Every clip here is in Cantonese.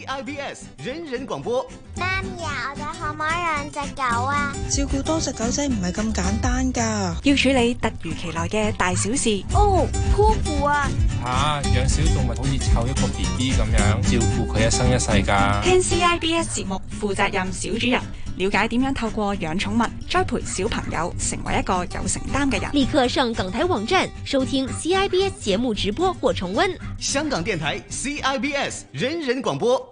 CIBS 人人廣播，媽咪啊，我哋可唔可以養隻狗啊？照顧多隻狗仔唔係咁簡單噶，要處理突如其來嘅大小事。哦，潑婦啊！吓、啊，養小動物好似湊一個 BB 咁樣，照顧佢一生一世噶。聽 CIBS 節目，負責任小主人，了解點樣透過養寵物栽培小朋友，成為一個有承擔嘅人。立刻上港台網站收聽 CIBS 節目直播或重溫。香港電台 CIBS 人人廣播。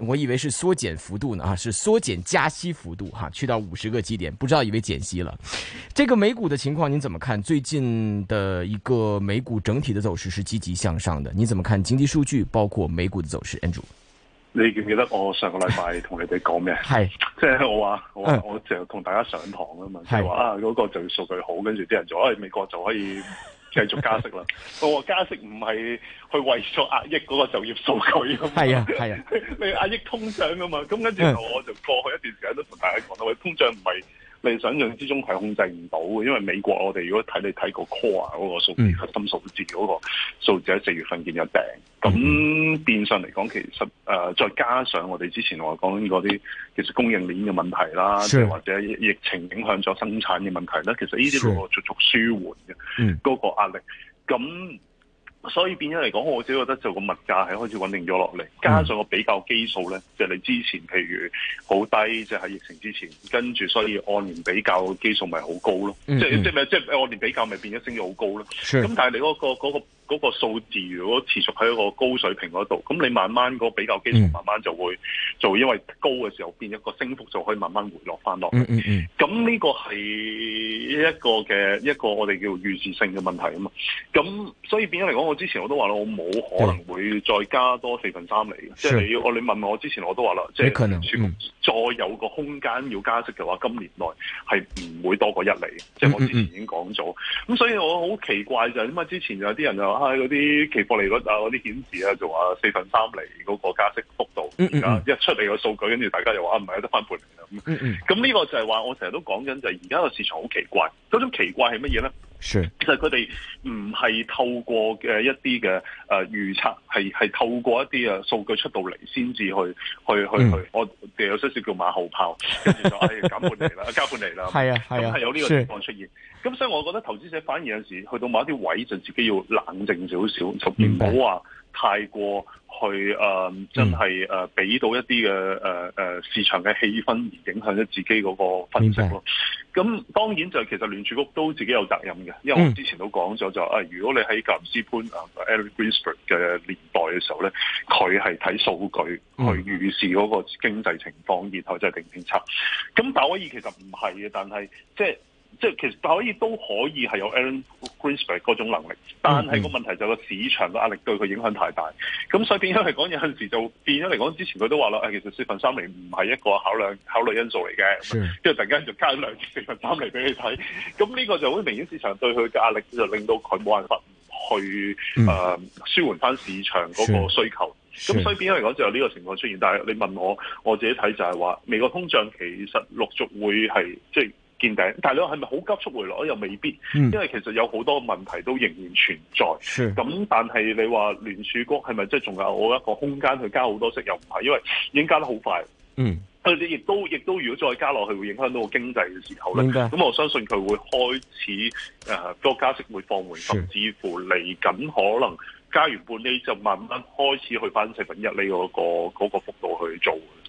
我以為是縮減幅度呢啊，是縮減加息幅度哈，去到五十個基點，不知道以為減息了。這個美股的情況你怎麼看？最近的一個美股整體的走勢是積極向上的，你怎麼看經濟數據包括美股的走勢？Andrew，你記唔記得我上個禮拜同你哋講咩？係 是，即係 我話我我就同大家上堂啊嘛， 就話啊嗰個就要數據好，跟住啲人就哎美國就可以。繼續加息啦！我加息唔係去為咗壓抑嗰個就業數據咁，係啊係啊，你、啊、 壓抑通脹噶嘛？咁跟住我就過去一段時間都同大家講啦，喂，通脹唔係。你想象之中係控制唔到嘅，因為美國我哋如果睇你睇個 core 嗰個數字、嗯、核心數字嗰個數字喺四月份見咗跌，咁、嗯、變相嚟講，其實誒、呃、再加上我哋之前我講過啲，其實供應鏈嘅問題啦，的或者疫情影響咗生產嘅問題啦，其實呢啲都逐逐舒緩嘅嗰個壓力，咁。所以變咗嚟講，我自己覺得就個物價係開始穩定咗落嚟，加上個比較基數咧，就係你之前譬如好低，就喺、係、疫情之前，跟住所以按年比較基數咪好高咯，即係即係即係按年比較咪變咗升咗好高咯。咁 Sure. 但係你嗰個嗰個。那個嗰個數字如果持續喺一個高水平嗰度，咁你慢慢嗰比較基數慢慢就會做，嗯、因為高嘅時候變一個升幅就可以慢慢回落翻落。咁呢、嗯嗯嗯、個係一個嘅一個我哋叫預示性嘅問題啊嘛。咁所以變咗嚟講，我之前我都話啦，我冇可能會再加多四分三厘。是即係你我你問我之前我都話啦，即係可能再有個空間要加息嘅話，嗯、今年內係唔會多過一厘。嗯、即係我之前已經講咗。咁、嗯嗯、所以我好奇怪就係、是、啊？因為之前有啲人就話。喺嗰啲期貨利率啊，嗰啲顯示啊，就話四分三厘嗰個加息幅度，而家一出嚟個數據，跟住大家又話唔係得翻半釐咁。咁呢個就係話我成日都講緊，就係而家個市場好奇怪，嗰種奇怪係乜嘢咧？Sure. 其實佢哋唔係透過嘅一啲嘅誒預測，係係透過一啲嘅數據出到嚟先至去去去、mm. 去，我哋有少少叫馬後炮，跟住就誒減半嚟啦，加半嚟啦，係啊係啊，咁、係、有呢個情況出現。咁 Sure.、嗯、所以我覺得投資者反而有時去到某一啲位就自己要冷靜少少，就唔好話，太過去誒、呃，真係誒，俾、呃、到一啲嘅誒市場嘅氣氛而影響咗自己嗰個分析咯。咁白當然就其實聯儲局都自己有責任嘅，因為我之前都講咗就是、啊，如果你喺格林斯潘啊 Alan Greenspan 嘅、啊 er、年代嘅時候咧，佢係睇數據去預示嗰個經濟情況，然後就定政策。咁鮑威爾其實唔係嘅，但係即係。即係其實可以都可以係有 Alan Greenspan 嗰種能力，但係個問題就個市場嘅壓力對佢影響太大。咁、嗯、所以變咗嚟講有陣時就變咗嚟講，之前佢都話啦，誒、哎、其實四分三厘唔係一個考量考慮因素嚟嘅。跟住是突然間就加咗兩次四分三厘俾你睇，咁呢個就會明顯市場對佢嘅壓力就令到佢冇辦法去誒、嗯呃、舒緩翻市場嗰個需求。咁是所以變咗嚟講就係呢個情況出現。但係你問我，我自己睇就係話，美國通脹其實陸續會係即係。就是見頂，但你話係咪好急速回落又未必，嗯、因為其實有好多問題都仍然存在。咁是但係你話聯儲局係咪即係仲有某一個空間去加好多息？又唔係，因為已經加得好快。嗯，佢哋亦都亦都，都如果再加落去會影響到個經濟嘅時候咧，咁該我相信佢會開始誒個、呃、加息會放緩，是甚至乎嚟緊可能加完半釐就慢慢開始去翻四分一釐嗰、那個嗰、那個幅度去做。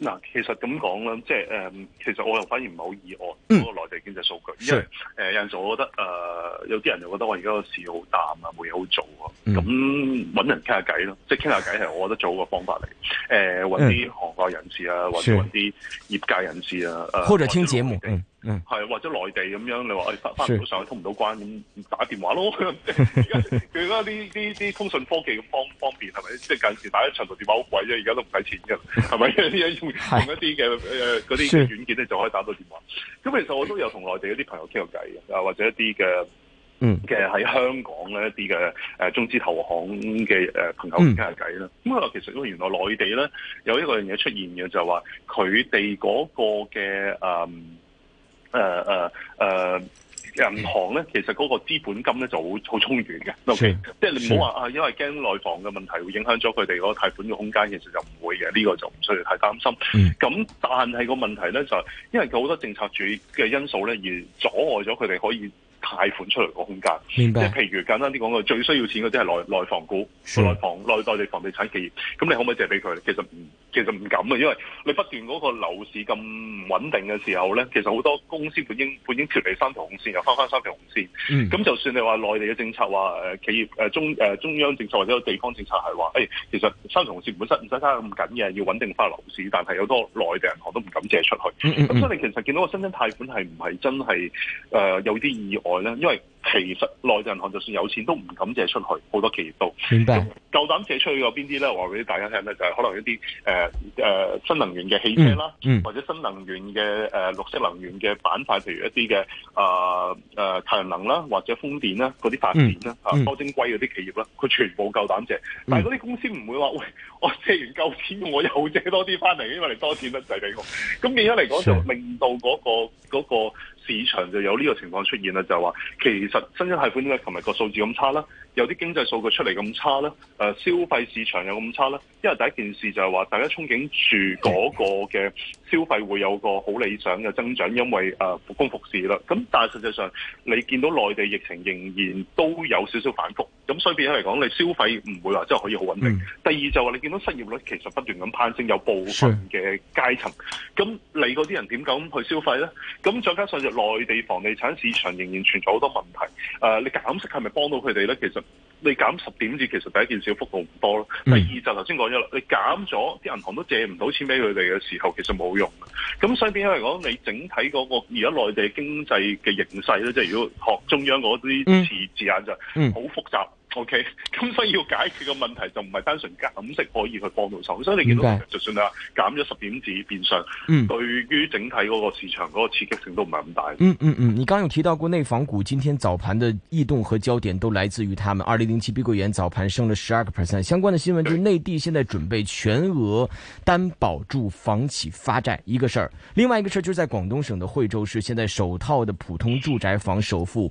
嗱，其實咁講啦，即係誒，其實我又反而唔係好意外嗰個內地經濟數據，因為誒，有陣時我覺得誒，有啲人就覺得我而家個市好淡啊，冇嘢好做啊，咁搵人傾下偈咯，即係傾下偈係我覺得最好嘅方法嚟，誒揾啲韓國人士啊，或者搵啲業界人士啊，誒。或者聽節目。係、嗯、或者內地咁樣，你話誒翻翻唔到上去，是通唔到關，咁打電話咯。而家佢家啲啲啲通訊科技咁方方便，係咪即係近時打一長途電話好貴啫？而家都唔使錢嘅，係咪？用是用一啲嘅嗰啲軟件咧就可以打到電話。咁是其實我都有同內地嗰啲朋友傾過偈嘅，啊或者一啲嘅嘅喺香港咧一啲嘅誒中資投行嘅誒朋友傾下偈啦。咁啊、嗯，其實原來內地咧有一個樣嘢出現嘅，就係話佢哋嗰個嘅誒誒誒，銀行咧其實嗰個資本金咧就好好充裕嘅，OK，即係你唔好話啊，因為驚內房嘅問題會影響咗佢哋嗰個貸款嘅空間，其實就唔會嘅，呢、呢個就唔需要太擔心。咁、嗯、但係個問題咧就係，因為佢好多政策主嘅因素咧，而阻礙咗佢哋可以。貸款出嚟個空間，即係白譬如簡單啲講，個最需要錢嗰啲係內內房股、是內房內內地房地產企業，咁你可唔可以借俾佢？其實唔其實唔敢啊，因為你不斷嗰個樓市咁唔穩定嘅時候咧，其實好多公司本應本應脱離三條紅線又翻返三條紅線。咁、嗯、就算你話內地嘅政策話誒、呃、企業誒、呃、中誒、呃、中央政策或者個地方政策係話誒，其實三條紅線本身唔使揸咁緊嘅，要穩定翻樓市，但係有好多內地銀行都唔敢借出去。咁、嗯嗯嗯、所以你其實見到個新增貸款係唔係真係誒、呃、有啲意外？因為其實內地銀行就算有錢都唔敢借出去，好多企業都夠膽夠膽借出去有邊啲咧？話俾大家聽咧，就係、是、可能一啲誒誒，新能源嘅汽車啦，嗯嗯、或者新能源嘅誒、呃、綠色能源嘅板塊，譬如一啲嘅誒太陽能啦，或者風電啦，嗰啲發電啦，嗯嗯、啊多晶硅嗰啲企業啦，佢全部夠膽借。但係嗰啲公司唔會話、嗯、喂，我借完夠錢，我又借多啲翻嚟，因為你多錢乜制俾我。咁變咗嚟講，就令到嗰個嗰個。的市場就有呢個情況出現啦，就係話其實新增貸款咧，琴日個數字咁差啦。有啲經濟數據出嚟咁差咧、啊，消費市場又咁差咧，因為第一件事就係話大家憧憬住嗰個嘅消費會有個好理想嘅增長，因為誒、呃、復工復市啦。咁但係實際上你見到內地疫情仍然都有少少反覆，咁所以變咗嚟講，你消費唔會話真係可以好穩定。嗯、第二就話、係、你見到失業率其實不斷咁攀升，有部分嘅階層，咁你嗰啲人點敢去消費咧？咁再加上就內地房地產市場仍然存在好多問題，誒、啊、你減息係咪幫到佢哋咧？其實。你減十點至，其實第一件事嘅幅度唔多咯，第二就頭先講咗啦，你減咗啲銀行都借唔到錢俾佢哋嘅時候，其實冇用。咁所以點解嚟講，你整體嗰個而家內地經濟嘅形勢咧，即係如果學中央嗰啲字字眼，嗯、就，好複雜。O K，咁所以要解決嘅問題就唔係單純減息可以去幫到手，所以你見到就算啊減咗十點子變相，嗯、對於整體嗰個市場嗰個刺激性都唔係咁大嗯。嗯嗯嗯，你剛有提到過內房股今天早盤的異動和焦點都來自於他們。二零零七碧桂園早盤升了十二個 percent，相關的新聞就是內地現在準備全額擔保住房企發債一個事兒，兒另外一個事兒就是在廣東省的惠州市，現在首套的普通住宅房首付。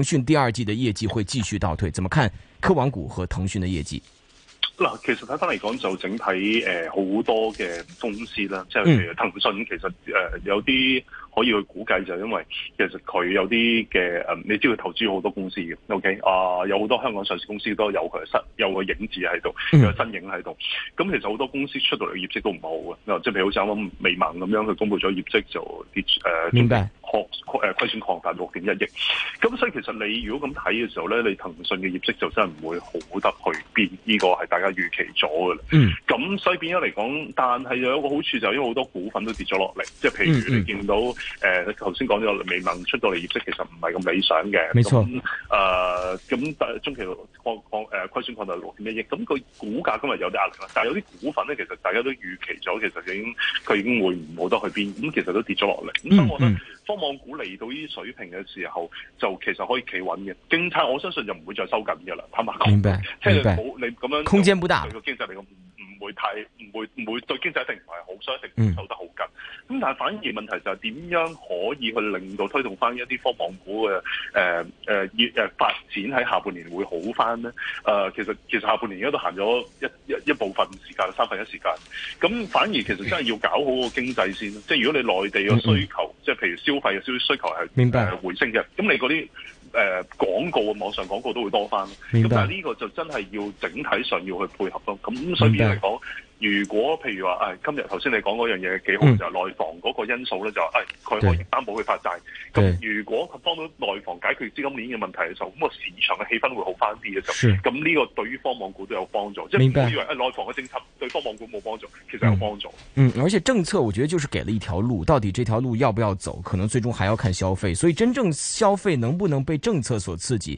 騰訊第二季的業績會繼續倒退，怎麼看科網股和騰訊的業績？嗱，其實睇翻嚟講，就整體誒好多嘅公司啦，即係騰訊其實誒有啲。可以去估計，就因為其實佢有啲嘅誒，你知佢投資好多公司嘅，OK 啊，有好多香港上市公司都有佢嘅有個影子喺度，有個身影喺度。咁其實好多公司出到嚟嘅業績都唔好嘅，即係譬如好似啱啱微盟咁樣，佢公布咗業績就跌誒，呃、明白？虧誒虧損擴大六點一億。咁所以其實你如果咁睇嘅時候咧，你騰訊嘅業績就真係唔會好得去邊，呢、這個係大家預期咗嘅啦。咁、嗯、所以變咗嚟講，但係有一個好處就因為好多股份都跌咗落嚟，即係譬如你見到、嗯。嗯誒，頭先講咗未能出到嚟業績，其實唔係咁理想嘅。冇錯錯。咁誒、呃，咁中期擴擴誒虧損擴大六點一億。咁佢股價今日有啲壓力啦，但係有啲股份咧，其實大家都預期咗，其實已經佢已經會唔好得去邊，咁其實都跌咗落嚟。咁所以我諗，科網、嗯、股嚟到呢啲水平嘅時候，就其實可以企穩嘅。經濟我相信就唔會再收緊噶啦，係嘛？明白，即係說白你咁樣,經樣空間不大。唔會太唔會唔會對經濟一定唔係好，所以一定收得好緊。咁、嗯、但係反而問題就係點樣可以去令到推動翻一啲科網股嘅誒誒業誒發展喺下半年會好翻咧？誒、呃、其實其實下半年而家都行咗一一一部分時間，三分一時間。咁反而其實真係要搞好個經濟先，白即係如果你內地嘅需求，嗯、即係譬如消費嘅消需求係回升嘅，咁白你嗰啲。誒廣、呃、告啊，網上廣告都會多翻，咁明白，但係呢個就真係要整體上要去配合咯，咁所以嚟講。如果譬如話，誒、哎、今日頭先你講嗰樣嘢幾好，嗯、就係內房嗰個因素咧，就誒佢，哎、可以擔保佢發債。咁對如果佢幫到內房解決資金鏈嘅問題嘅時候，咁，那個市場嘅氣氛會好返啲嘅時候，咁呢是個對於方網股都有幫助。白即係唔好以為誒內房嘅政策對方網股冇幫助，其實有幫助。嗯，嗯，而且政策，我覺得就是給了一條路，到底這條路要不要走，可能最終還要看消費。所以真正消費能不能被政策所刺激？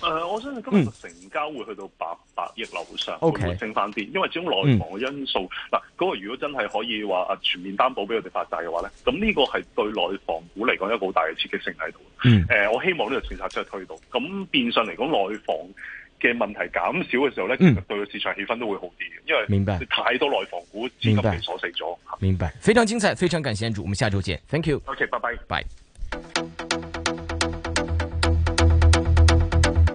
誒、呃，我相信今日成交會去到八百億樓上，嗯、會，會升翻啲。Okay, 因為始終內房嘅因素，嗱嗰個如果真係可以話啊全面擔保俾佢哋發債嘅話咧，咁呢個係對內房股嚟講一個好大嘅刺激性喺度。誒、嗯呃，我希望呢個政策出嚟推到。咁變相嚟講，內房嘅問題減少嘅時候咧，嗯、其實對市場氣氛都會好啲，因為太多內房股資金被鎖死咗。明白，非常精彩，非常感謝，主，我們下周見。Thank you。Okay 拜拜，拜。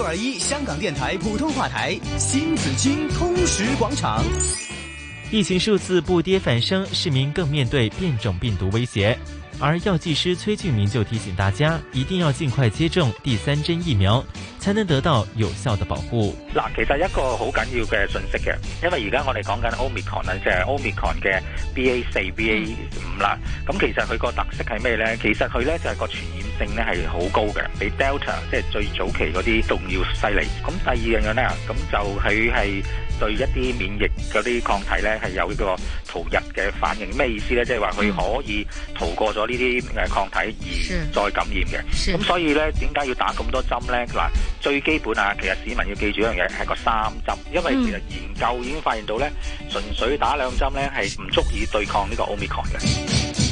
六二一，香港電台普通話台，新紫荊通識廣場。疫情數字不跌反升，市民更面對變種病毒威脅。而藥劑師崔俊明就提醒大家，一定要盡快接種第三針疫苗，才能得到有效的保護。嗱，其實一個好緊要嘅信息嘅，因為而家我哋講緊 Omicron 就係 Omicron 嘅 BA 四、BA 五啦。咁其實佢個特色係咩咧？其實佢咧就係個傳染。性咧係好高嘅，比 Delta 即係最早期嗰啲仲要犀利。咁第二樣嘢咧，咁就佢係對一啲免疫嗰啲抗體咧係有呢個逃逸嘅反應。咩意思咧？即係話佢可以逃過咗呢啲誒抗體而再感染嘅。咁所以咧，點解要打咁多針咧？嗱，最基本啊，其實市民要記住一樣嘢係個三針，因為其實研究已經發現到咧，純粹打兩針咧係唔足以對抗呢個 Omicron 嘅。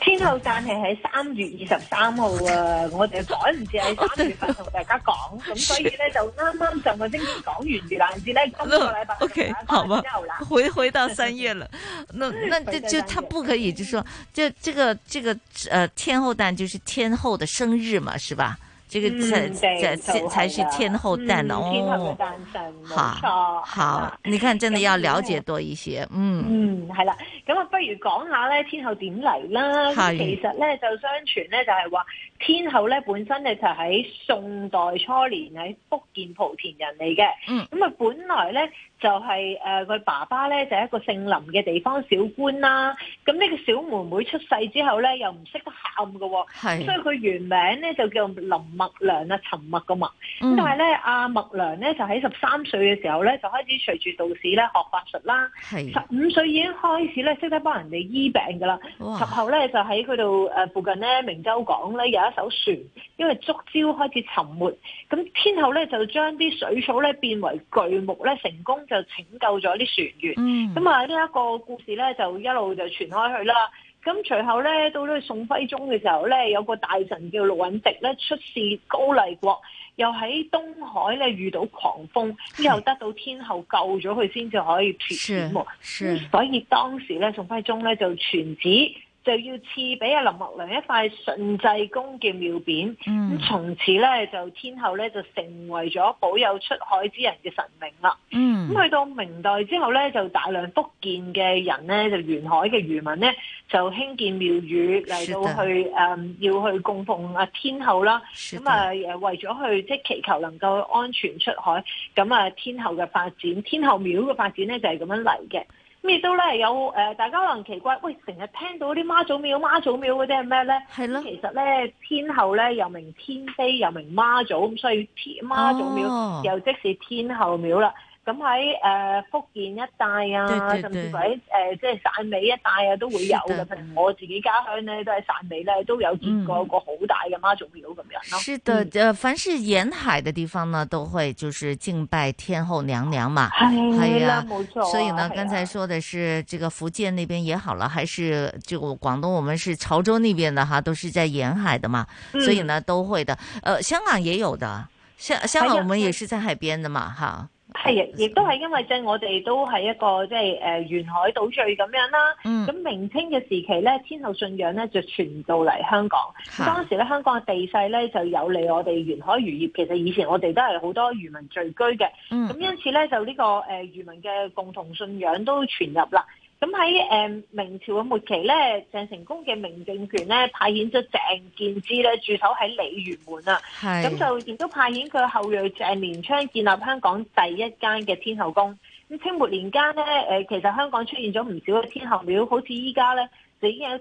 天后誕係喺三月二十三號啊！我哋趕唔住喺三月份同 大家講，咁 所以咧 就啱啱上個星期講完了，而但至咧今個禮拜。O Okay , K，好嗎？回回到三月啦。 那那就就，他不可以就說，就這個這個，呃，天后誕就是天后的生日嘛，是吧？這個才、嗯、才后誕是天后誕生、嗯、哦，天后誕好，冇錯好，啊、你看真的要了解多一些，嗯，嗯，係啦、嗯，咁啊不如講下咧天后點嚟啦，雨其實咧就相傳咧就係話。天后咧本身咧就喺宋代初年喺福建莆田人嚟嘅，咁啊、嗯、本來咧就係誒佢爸爸咧就係一個姓林嘅地方小官啦，咁呢個小妹妹出世之後咧又唔識得喊喎。是所以佢原名咧就叫林默娘啊，沉默嘅默。咁、嗯、但係咧阿默娘咧就喺十三歲嘅時候咧就開始隨住道士咧學法術啦，十五歲已經開始咧識得幫人哋醫病嘅啦，哇十後咧就喺佢度誒附近咧明州港咧有。一艘船，因為觸礁開始沉沒，咁天后咧就將啲水草咧變為巨木咧，成功就拯救咗啲船員。咁啊、嗯，呢一個故事咧就一路就傳開去啦。咁隨後咧到呢個宋徽宗嘅時候咧，有個大臣叫陸允迪咧出使高麗國，又喺東海咧遇到狂風，之是後得到天后救咗佢，先至可以脫險。所以當時咧宋徽宗咧就傳旨。就要賜俾阿林默娘一塊順濟宮嘅廟匾，咁、嗯、從此咧就天后咧就成為咗保佑出海之人嘅神明啦。咁、嗯、去到明代之後咧，就大量福建嘅人咧就沿海嘅漁民咧就興建廟宇嚟到去誒的、嗯、要去供奉阿天后啦。咁的啊為咗去即係、就是、祈求能夠安全出海，咁啊天后嘅發展，天后廟嘅發展咧就係、是、咁樣嚟嘅。咩都咧有誒，大家可能奇怪，喂，成日聽到啲媽祖廟、媽祖廟嗰啲係咩咧？係咯，其實咧天后咧又名天妃，又名媽祖，咁所以天媽祖廟又即是天后廟啦。咁喺誒福建一帶啊，甚至喺誒即係汕尾一帶啊，都會有嘅。譬如我自己家鄉呢，都係汕尾呢，都有見過個好大嘅媽祖廟咁樣咯。是的，誒，凡是沿海嘅地方呢，都會就是敬拜天后娘娘嘛。係啊，冇錯。所以呢，剛才說的是，這個福建那邊也好啦，還是就廣東，我們是潮州那邊的哈，都是在沿海的嘛，所以呢都會的。誒，香港也有的，香香港我們也是在海邊的嘛，哈。係亦都係因為即係我哋都係一個即係誒沿海島嶼咁樣啦。咁、嗯、明清嘅時期咧，天后信仰咧就傳到嚟香港。當時咧，香港嘅地勢咧就有利我哋沿海漁業。其實以前我哋都係好多漁民聚居嘅。咁、嗯、因此咧，就呢、這個誒、呃、漁民嘅共同信仰都傳入啦。咁喺誒明朝嘅末期咧，鄭成功嘅明政權咧派遣咗鄭建之咧駐守喺鯉魚門啊，咁是就亦都派遣佢後裔鄭連昌建立香港第一間嘅天后宮。咁清末年間咧，誒其實香港出現咗唔少嘅天后廟，好似依家咧，就已經有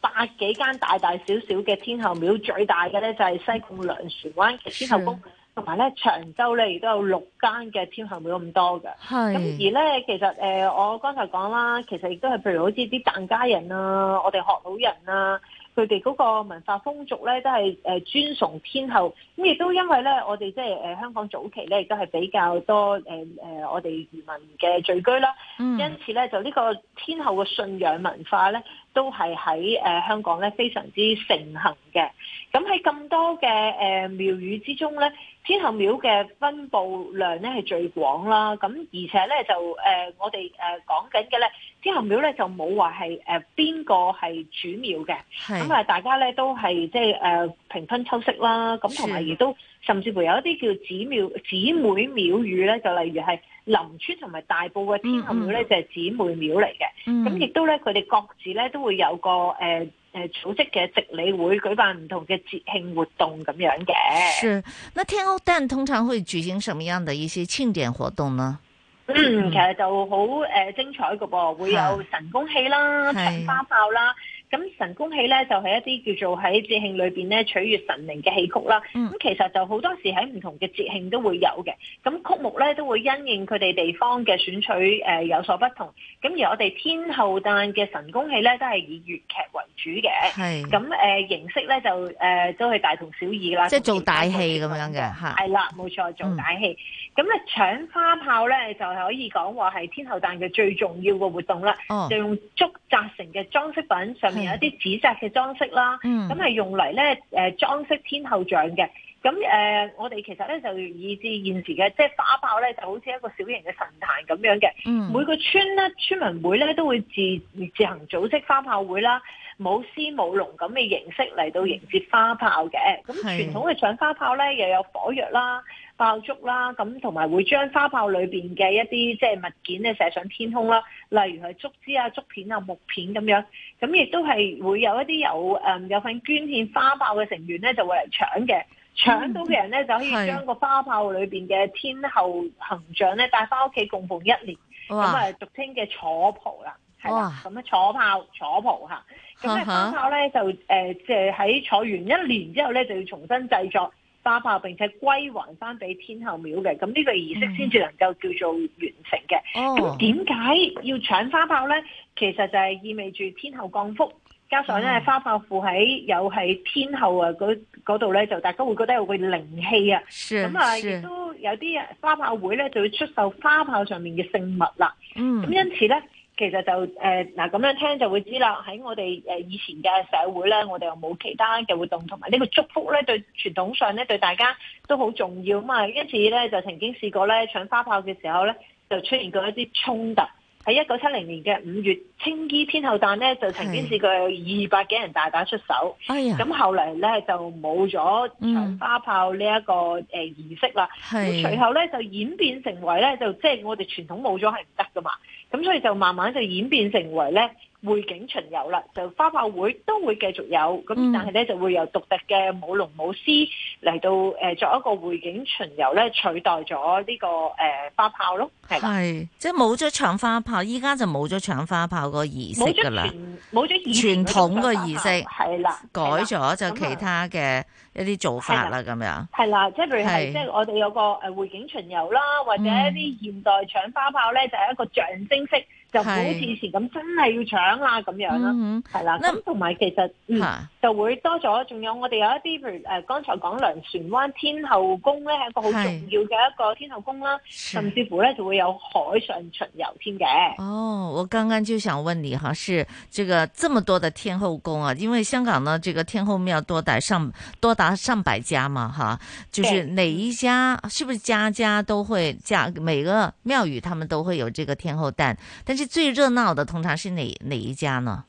百幾間大大小小嘅天后廟，最大嘅咧就係西貢糧船灣嘅天后宮。同埋咧，長洲咧亦都有六間嘅天后廟咁多嘅。係是。咁而咧，其實誒、呃，我剛才講啦，其實亦都係譬如好似啲疍家人啊，我哋學老人啊，佢哋嗰個文化風俗咧都係誒、呃、尊崇天后。咁亦都因為咧，我哋即係誒香港早期咧亦都係比較多誒誒、呃、我哋漁民嘅聚居啦。嗯、因此咧，就呢個天后嘅信仰文化咧，都係喺誒香港咧非常之盛行嘅。咁喺咁多嘅誒廟宇之中咧。天后廟嘅分布量咧係最廣啦，咁而且咧就誒、呃，我哋誒講緊嘅咧，天后廟咧就冇話係誒邊個係主廟嘅，咁啊是大家咧都係即係誒平分秋色啦，咁同埋亦都甚至乎有一啲叫姊妹姊妹廟宇咧，就例如係林村同埋大埔嘅天后廟咧就係姊妹廟嚟嘅，咁亦、嗯嗯、都咧佢哋各自咧都會有個誒。呃誒，組織嘅值理會舉辦唔同嘅節慶活動咁樣嘅。是，那天后誕通常會舉行什麼樣的一些慶典活動呢？嗯，其實就好誒、呃、精彩嘅噃，會有神功戲啦，放是花炮啦。是咁神功戲咧就係一啲叫做喺節慶裏面咧取悅神靈嘅戲曲啦。咁、嗯、其實就好多時喺唔同嘅節慶都會有嘅。咁曲目咧都會因應佢哋地方嘅選取誒有所不同。咁而我哋天后誕嘅神功戲咧都係以粵劇為主嘅。咁是、呃、形式咧就誒、呃、都係大同小異啦。即係做大戲咁樣嘅係啦，冇的錯，做大戲。咁咧、嗯嗯、搶花炮咧就係可以講話係天后誕嘅最重要嘅活動啦。哦、就用竹紮成嘅裝飾品上。嗯、有一啲紫色嘅裝飾啦，咁係用嚟咧誒裝飾天后像嘅。咁誒、呃，我哋其實咧就以至現時嘅即係花炮咧，就好似一個小型嘅神壇咁樣嘅。嗯、每個村咧，村民會咧都會自自行組織花炮會啦，舞獅舞龍咁嘅形式嚟到迎接花炮嘅。咁傳統嘅搶花炮咧，又有火藥啦。爆竹啦，咁同埋會將花炮裏邊嘅一啲即係物件咧射上天空啦，例如係竹枝啊、竹片啊、木片咁樣，咁亦都係會有一啲有誒有份捐獻花炮嘅成員咧就會嚟搶嘅，搶到嘅人咧就可以將個花炮裏邊嘅天后銅像咧帶返屋企供奉一年，咁啊、嗯、俗稱嘅坐炮」啦哇，係啦，咁啊坐炮坐炮」，吓哈。咁咧花炮咧就誒即係喺坐完一年之後咧就要重新製作。花炮並且歸還翻俾天后廟嘅，咁呢個儀式先至能夠叫做完成嘅。咁點解要搶花炮呢？其實就係意味住天后降福，加上咧、mm. 花炮附喺有喺天后啊嗰度呢，就大家會覺得有個靈氣是啊。咁啊是，亦都有啲花炮會呢，就會出售花炮上面嘅聖物啦。咁、mm. 因此呢。其實就誒嗱咁樣聽就會知啦，喺我哋誒以前嘅社會咧，我哋又冇其他嘅活動，同埋呢個祝福咧，對傳統上咧，對大家都好重要啊嘛。因此咧，就曾經試過咧搶花炮嘅時候咧，就出現過一啲衝突。喺一九七零年嘅五月，青衣天后誕呢，就曾經試過有二百幾人大打出手。係啊，咁、哎、後嚟咧就冇咗搶花炮呢一個誒儀式啦。係，隨後咧就演變成為咧，就即係、就是、我哋傳統冇咗係唔得㗎嘛。咁所以就慢慢就演變成為咧，匯景巡遊啦，就花炮會都會繼續有，咁、嗯、但係咧就會由獨特嘅舞龍舞獅嚟到誒作一個匯景巡遊咧取代咗呢個誒花炮咯，係。係，即係冇咗搶花炮，依家就冇咗搶花炮個儀式㗎啦。冇咗傳統嘅儀式，係啦的。改咗就其他嘅一啲做法啦，咁的樣，係啦，即係譬如係即係我哋有個誒匯景巡遊啦，的或者一啲現代搶花炮咧，就係一個象徵。係，就唔好似以前咁真係要搶啦咁樣啦，係啦，咁同埋其實嗯。啊就會多咗，仲有我哋有一啲，譬如誒，剛才講糧船灣天后宮呢係一個好重要嘅一個天后宮啦，是甚至乎呢就會有海上巡遊添嘅。哦，oh, 我剛剛就想問你哈，是這個這麼多的天后宮啊，因為香港呢這個天后廟多達上多達上百家嘛，哈，就是哪一家，Yeah. 是不是家家都會家每個廟宇，他們都會有這個天后誕，但是最熱鬧的通常是哪哪一家呢？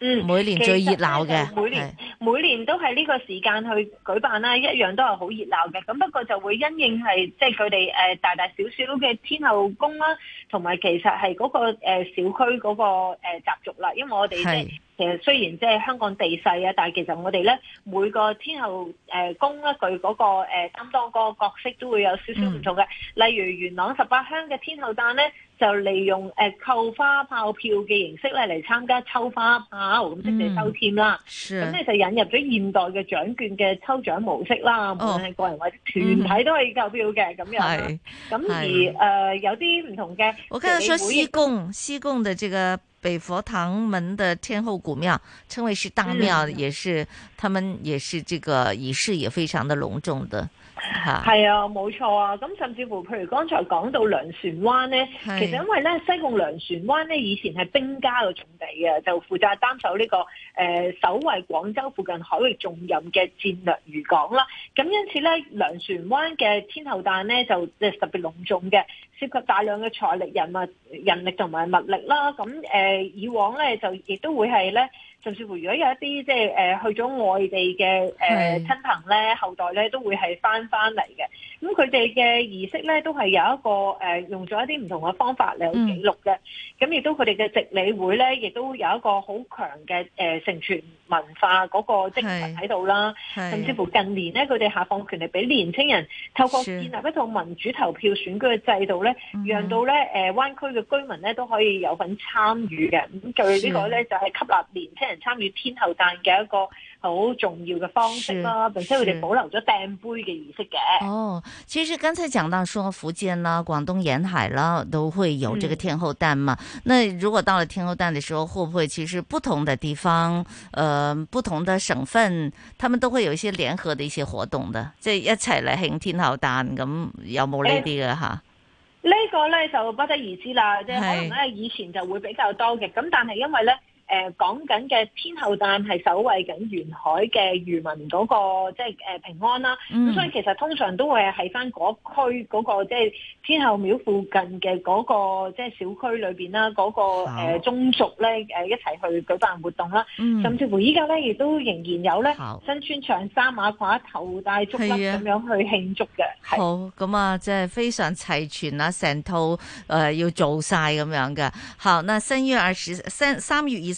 嗯，每年最熱鬧嘅，嗯、每年是每年都係呢個時間去舉辦啦，一樣都係好熱鬧嘅。咁不過就會因應係即係佢哋誒大大小小嘅天后宮啦，同埋其實係嗰個小區嗰個誒習俗啦。因為我哋即係其實雖然即係香港地細啊，但係其實我哋咧每個天后誒宮咧佢嗰個誒擔當嗰個角色都會有少少唔同嘅。嗯、例如元朗十八鄉嘅天后誕咧。就利用誒購、呃、花炮票嘅形式咧嚟參加抽花炮咁即係抽籤啦。咁咧就，嗯、就引入咗現代嘅獎券嘅抽獎模式啦。無、哦、論係個人或者團體都可以購票嘅咁、哦、樣。咁而誒、啊呃、有啲唔同嘅。我今日去西貢，西貢嘅這個北佛堂門的天后古廟，稱為是大廟，嗯、也是他們也是這個儀式也非常的隆重的。係啊，冇、啊、錯啊，咁甚至乎，譬如剛才講到梁船灣咧，其實因為咧西貢梁船灣咧以前係兵家嘅重地嘅，就負責擔守呢、這個誒守衛廣州附近海域重任嘅戰略漁港啦。咁因此咧，梁船灣嘅天后誕咧就即係特別隆重嘅，涉及大量嘅財力、人物、人力同埋物力啦。咁、呃、誒，以往咧就亦都會係咧。甚至乎如果有一啲即係誒去咗外地嘅誒親朋咧，後代咧都會係翻翻嚟嘅。咁佢哋嘅儀式咧，都係有一個誒、呃、用咗一啲唔同嘅方法嚟記錄嘅。咁亦、嗯、都佢哋嘅直理會咧，亦都有一個好強嘅誒成全文化嗰個精神喺度啦。甚至乎近年咧，佢哋下放權力俾年青人，透過建立一套民主投票選舉嘅制度咧，嗯、讓到咧誒灣區嘅居民咧都可以有份參與嘅。咁最呢個咧就係、是、吸納年青。人參與天后誕嘅一個好重要嘅方式啦、啊，並且佢哋保留咗掟杯嘅儀式嘅。哦，其實剛才講到說福建啦、廣東沿海啦都會有這個天后誕嘛。嗯、那如果到了天后誕嘅時候，會不會其實不同的地方、呃、不同的省份，他們都會有一些聯合的一些活動的，即係一齊嚟慶天后誕咁，有冇、欸這個、呢啲嘅吓？呢個咧就不得而知啦，即係是可能咧以前就會比較多嘅，咁但係因為咧。誒講緊嘅天后誕係守衛緊沿海嘅漁民嗰、那個即係誒、呃、平安啦，咁、嗯、所以其實通常都會係喺翻嗰區嗰個即係天后廟附近嘅嗰、那個即係小區裏邊啦，嗰、那個宗好、呃、族咧誒一齊去舉辦活動啦，嗯、甚至乎依家咧亦都仍然有咧好身穿長衫馬褂頭戴竹笠咁樣去慶祝嘅。好咁啊，即係是非常齊全啊，成套誒、呃、要做晒咁樣嘅。好，那新於二月三三月二。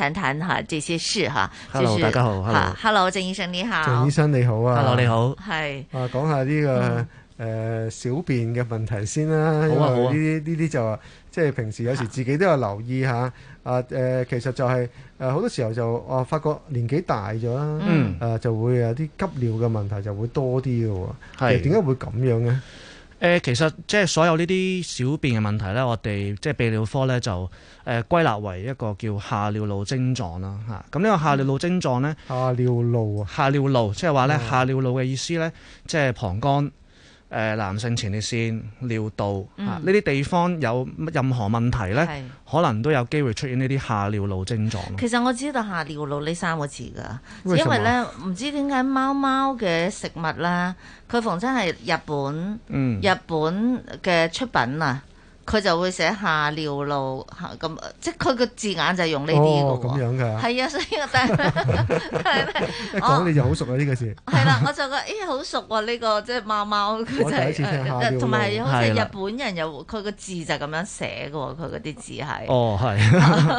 談談哈這些事哈、就是，hello 大家好，hello 鄭醫生你好，鄭醫生你好啊，hello 你好，係是，啊講下呢、這個誒、mm hmm. 呃、小便嘅問題先啦、啊，因為呢呢啲就即係平時有時自己都有留意下。啊誒、呃、其實就係誒好多時候就我發覺年紀大咗啦，嗯，誒、啊、就會有啲急尿嘅問題就會多啲嘅喎，係是，點解會咁樣嘅？誒、呃、其實即係所有呢啲小便嘅問題咧，我哋即係泌尿科咧就誒歸納為一個叫下尿路症狀啦嚇。咁呢個下尿路症狀咧，下尿路啊，下尿路即係話咧下尿路嘅、就是、意思咧，即係膀胱。誒、呃、男性前列腺、尿道啊呢啲地方有任何問題呢，是可能都有機會出現呢啲下尿路症狀。其實我知道下尿路呢三個字㗎，為因為呢唔知點解貓貓嘅食物咧，佢逢親係日本，嗯、日本嘅出品啊。佢就會寫下尿路嚇咁，即係佢個字眼就係用呢啲嘅喎。哦，咁樣㗎。係啊，所以但係，一講你就好熟啊，呢個字。係啦，我就覺得咦，好熟喎，呢個即係貓貓。他就是、我第一次聽下尿路，同埋好似日本人有佢個了字就咁樣寫嘅喎，佢啲字係。哦，係。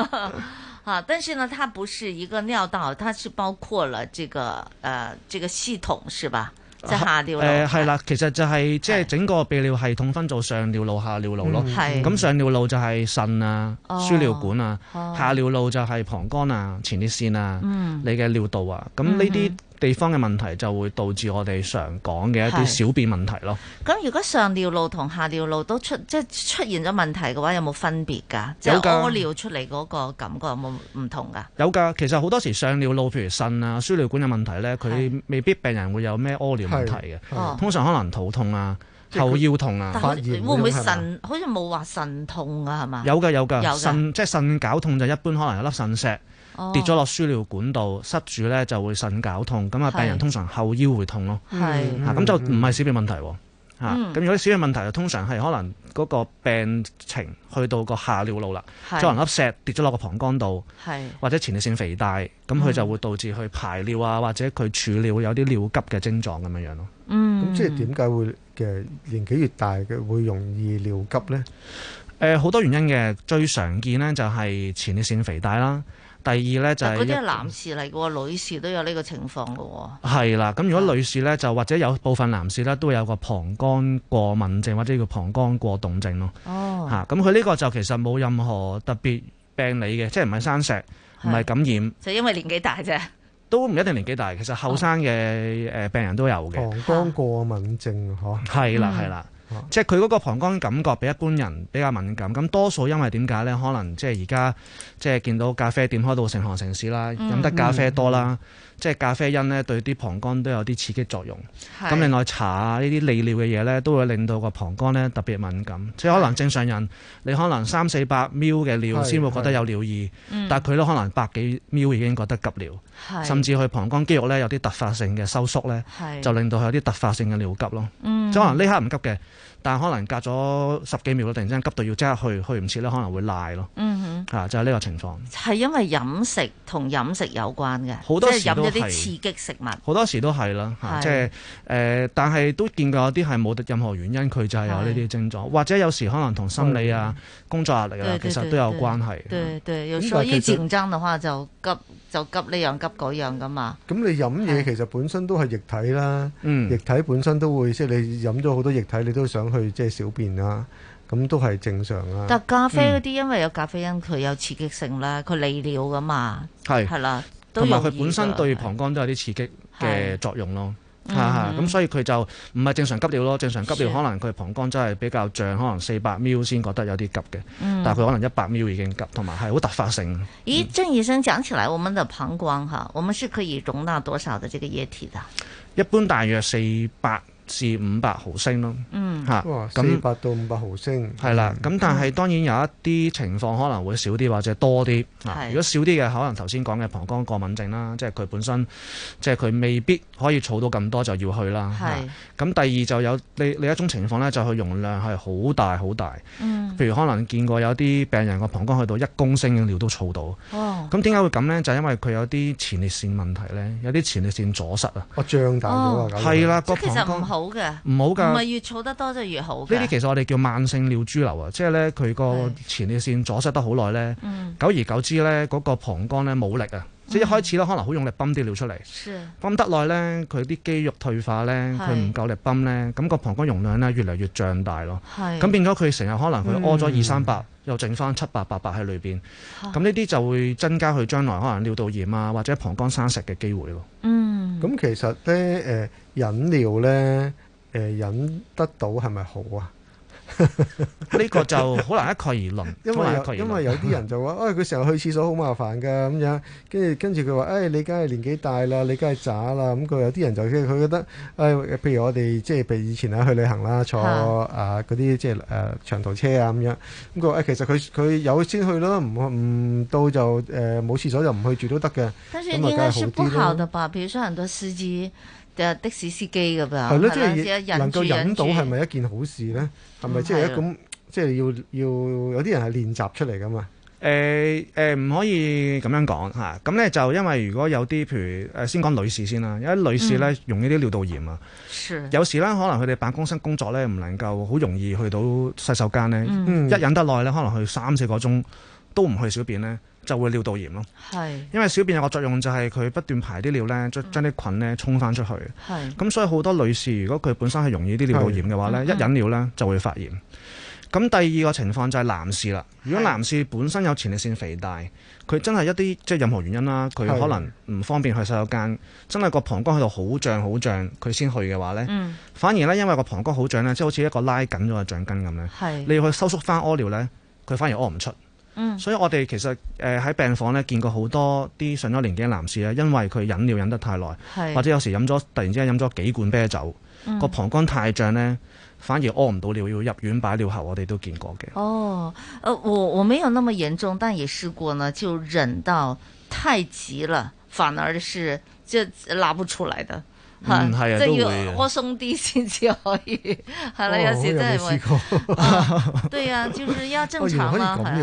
啊 但是呢，它不是一個尿道，它是包括了這個，呃，這個系統，是吧？即係下尿路，誒係啦，其實就係即係整個泌尿系統分做上尿路、下尿路咯。咁、嗯嗯、上尿路就係腎啊、輸尿、哦、管啊，哦、下尿路就係膀胱啊、前列腺啊、嗯、你嘅尿道啊。咁呢啲地方嘅問題就會導致我哋常講嘅一啲小便問題咯。咁如果上尿路同下尿路都出即係出現咗問題嘅話，有冇分別㗎？有的即係屙尿出嚟嗰個感覺有冇唔同㗎？有㗎，其實好多時上尿路，譬如腎啊、輸尿管嘅問題咧，佢未必病人會有咩屙尿問題嘅。是哦、通常可能肚痛啊、後腰痛啊。但係會唔會腎？神吧好似冇話腎痛㗎係嘛？有㗎，有㗎的。有腎即係腎絞痛就一般可能有粒腎石。跌咗落輸尿管道，塞住咧就會腎絞痛。咁啊，病人通常後腰會痛咯。係咁是、嗯、就唔係小便問題。吓咁、嗯，如果小便問題，通常係可能嗰個病情去到個下尿路啦，可能是粒石跌咗落個膀胱度，或者前列腺肥大，咁佢是就會導致去排尿啊，或者佢儲尿有啲尿急嘅症狀咁樣樣咯。嗯，咁即係點解會嘅年紀越大嘅會容易尿急咧？誒、呃，好多原因嘅，最常見咧就係前列腺肥大啦。第二咧就係啲係男士嚟嘅，女士都有呢個情況嘅喎。係啦，咁如果女士咧，就或者有部分男士咧都有個膀胱過敏症或者叫膀胱過動症咯。哦，嚇，咁佢呢個就其實冇任何特別病理嘅，即係唔係山石，唔係感染，就因為年紀大啫。都唔一定年紀大，其實後生嘅誒病人都有嘅。膀胱過敏症嚇，係啦係啦。即係佢嗰個膀胱感覺比一般人比較敏感，咁多數因為點解呢？可能即係而家即係見到咖啡店開到成行成市啦，飲、嗯、得咖啡多啦。嗯即係咖啡因咧，對啲膀胱都有啲刺激作用。咁是另外茶啊，呢啲利尿嘅嘢呢，都會令到個膀胱呢特別敏感。是即係可能正常人你可能三四百 ml 嘅尿先會覺得有尿意，是是但佢都可能百幾 ml 已經覺得急尿，是甚至佢膀胱肌肉呢，有啲突發性嘅收縮呢，是就令到佢有啲突發性嘅尿急咯。即是可能呢刻唔急嘅。但可能隔咗十幾秒突然之間急到要即刻去，去唔切咧可能會賴咯。嗯哼，嚇就係呢個情況。係因為飲食同飲食有關嘅，好多時都係刺激食物。好多時都係啦，即係誒，但係都見過有啲係冇任何原因，佢就係有呢啲症狀，或者有時可能同心理啊、工作壓力啊，其實都有關係。對對，所以競爭嘅話就急就急呢樣急嗰樣噶嘛。咁你飲嘢其實本身都係液體啦，液體本身都會即係你飲咗好多液體，你都想。去即係小便啦，啊。咁都係正常啦，啊。但咖啡嗰啲，因為有咖啡因，佢、嗯、有刺激性是啦，佢利尿噶嘛，係係啦，同埋佢本身對膀胱都有啲刺激嘅作用咯，係係，咁所以佢就唔係正常急尿咯，正常急尿可能佢膀胱真係比較脹，可能四百毫升先覺得有啲急嘅，嗯、但係佢可能一百毫升已經急，同埋係好突發性。咦，鄭、嗯、醫生講起來，我們的膀胱哈，我們是可以容納多少的這個液體的？一般大約四百。是五百毫升咯，嗯，嚇、uh, mm.，咁五百到五百毫升，係啦，咁但係當然有一啲情況可能會少啲或者多啲，係，如果少啲嘅可能頭先講嘅膀胱過敏症啦，即係佢本身，即係佢未必可以儲到咁多就要去啦，係，咁第二就有你你一種情況咧，就佢容量係好大好大，譬如可能見過有啲病人個膀胱去到一公升嘅尿都儲到，哦，咁點解會咁咧？就因為佢有啲前列腺問題咧，有啲前列腺阻塞啊，哦、uh, awesome oh,，脹大咗啊，係啦，個膀胱。不好嘅，唔好噶，唔係越儲得多就越好。呢啲其實我哋叫慢性尿瀦留啊，即係咧，佢個前列腺阻塞得好耐咧，是久而久之咧，嗰、那個膀胱咧冇力啊，嗯、即係一開始咧可能好用力泵啲尿出嚟，是泵得耐咧，佢啲肌肉退化咧，佢唔夠力泵咧，咁是個膀胱容量咧越嚟越脹大咯，咁是變咗佢成日可能佢屙咗二三百，又剩翻七八八百喺裏邊，咁呢啲就會增加佢將來可能尿道炎啊或者膀胱生石嘅機會咯。嗯，咁其實咧誒。呃飲料呢，誒、呃、飲得到係咪好啊？呢個就好難一概而論。因為因為有啲 人就話：，哎，佢成日去廁所好麻煩噶，咁樣跟住跟住佢話：，哎，你梗係年紀大啦，你梗係渣啦。咁佢有啲人就佢佢覺得，誒、哎，譬如我哋即係譬如以前啦，去旅行啦，坐啊嗰啲即係誒長途車啊咁樣。咁佢話：，誒，其實佢佢有先去咯，唔唔到就誒冇、呃、廁所就唔去住都得嘅。咁咪梗係好啲咯。但是，應該是不好的吧？譬如說，很多司機。的士司機咁啊，即係能夠忍到係咪一件好事咧？係咪是的即係咁？即係要要有啲人係練習出嚟噶嘛？誒誒、呃，唔、呃、可以咁樣講嚇。咁、啊、咧就因為如果有啲譬如誒、呃、先講女士先啦，有啲女士咧容易啲、嗯、尿道炎啊，是有時咧可能佢哋辦公室工作咧唔能夠好容易去到洗手間咧，嗯、一忍得耐咧可能去三四個鐘都唔去小便咧。就會尿道炎咯，是因為小便有個作用，就係佢不斷排啲尿咧，將將啲菌咧沖返出去。咁是、嗯、所以好多女士，如果佢本身係容易啲尿道炎嘅話咧，是一忍尿咧就會發炎。咁第二個情況就係男士啦，如果男士本身有前列腺肥大，佢是真係一啲即係任何原因啦，佢可能唔方便去洗手間，是真係個膀胱喺度好脹好脹，佢先去嘅話咧，嗯、反而咧因為個膀胱好脹咧，即係好似一個拉緊咗嘅橡筋咁咧，你要去收縮返屙尿咧，佢反而屙唔出，出。嗯、所以我哋其實誒喺，呃、病房咧見過好多啲上咗年紀嘅男士啊，因為佢忍尿忍得太耐，是或者有時飲咗突然之間飲咗幾罐啤酒，個膀胱太脹呢，反而屙唔到尿要入院擺尿喉，我哋都見過嘅。哦，呃、我我沒有那麼嚴重，但係試過呢就忍到太急了，反而是就拿不出來的。係係啊，嗯、都要屙鬆啲先至可以。係啦、哦，的有時真係會、 啊，對呀、啊，就是要正常啦。咁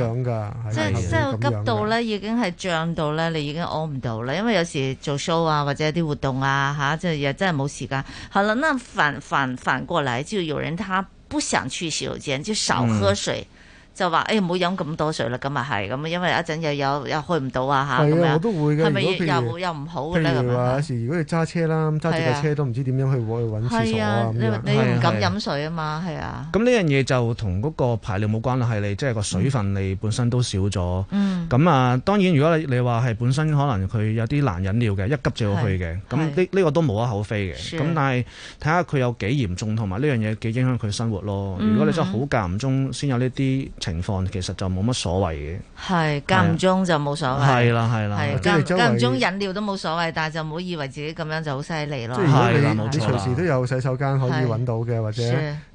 即係真係急到咧，已經係脹到咧，你已經屙唔到啦。因為有時做 show 啊，或者啲活動啊，吓、啊，即係又真係冇時間。好了，那反反反，反過來，就有人他不想去洗手間，就少喝水。嗯就話誒唔好飲咁多水啦，咁咪係咁啊？因為一陣又有又去唔到啊嚇，咁我都會嘅。係咪又又唔好咧？譬如話有時，如果你揸車啦，揸住架車都唔知點樣去去揾廁所啊咁樣。你唔敢飲水啊嘛，係啊。咁呢樣嘢就同嗰個排尿冇關係，係你即係個水分你本身都少咗。咁啊，當然如果你話話係本身可能佢有啲難飲料嘅，一急就要去嘅。咁呢呢個都無可厚非嘅。咁但係睇下佢有幾嚴重，同埋呢樣嘢幾影響佢生活咯。如果你真係好間唔中先有呢啲。情況其實就冇乜所謂嘅，係間唔中就冇所謂，係啦係啦，間間唔中飲料都冇所謂，但係就唔好以為自己咁樣就好犀利咯。即係如果佢啲隨時都有洗手間可以揾到嘅，或者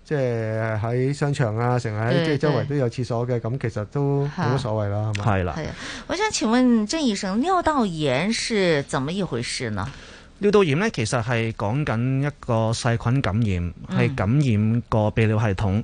即係喺商場啊，成日即係周圍都有厠所嘅，咁其實都冇乜所謂啦。係啦，我想請問鄭醫生，尿道炎是怎麼一回事呢？尿道炎咧，其實係講緊一個細菌感染，係感染個泌尿系統。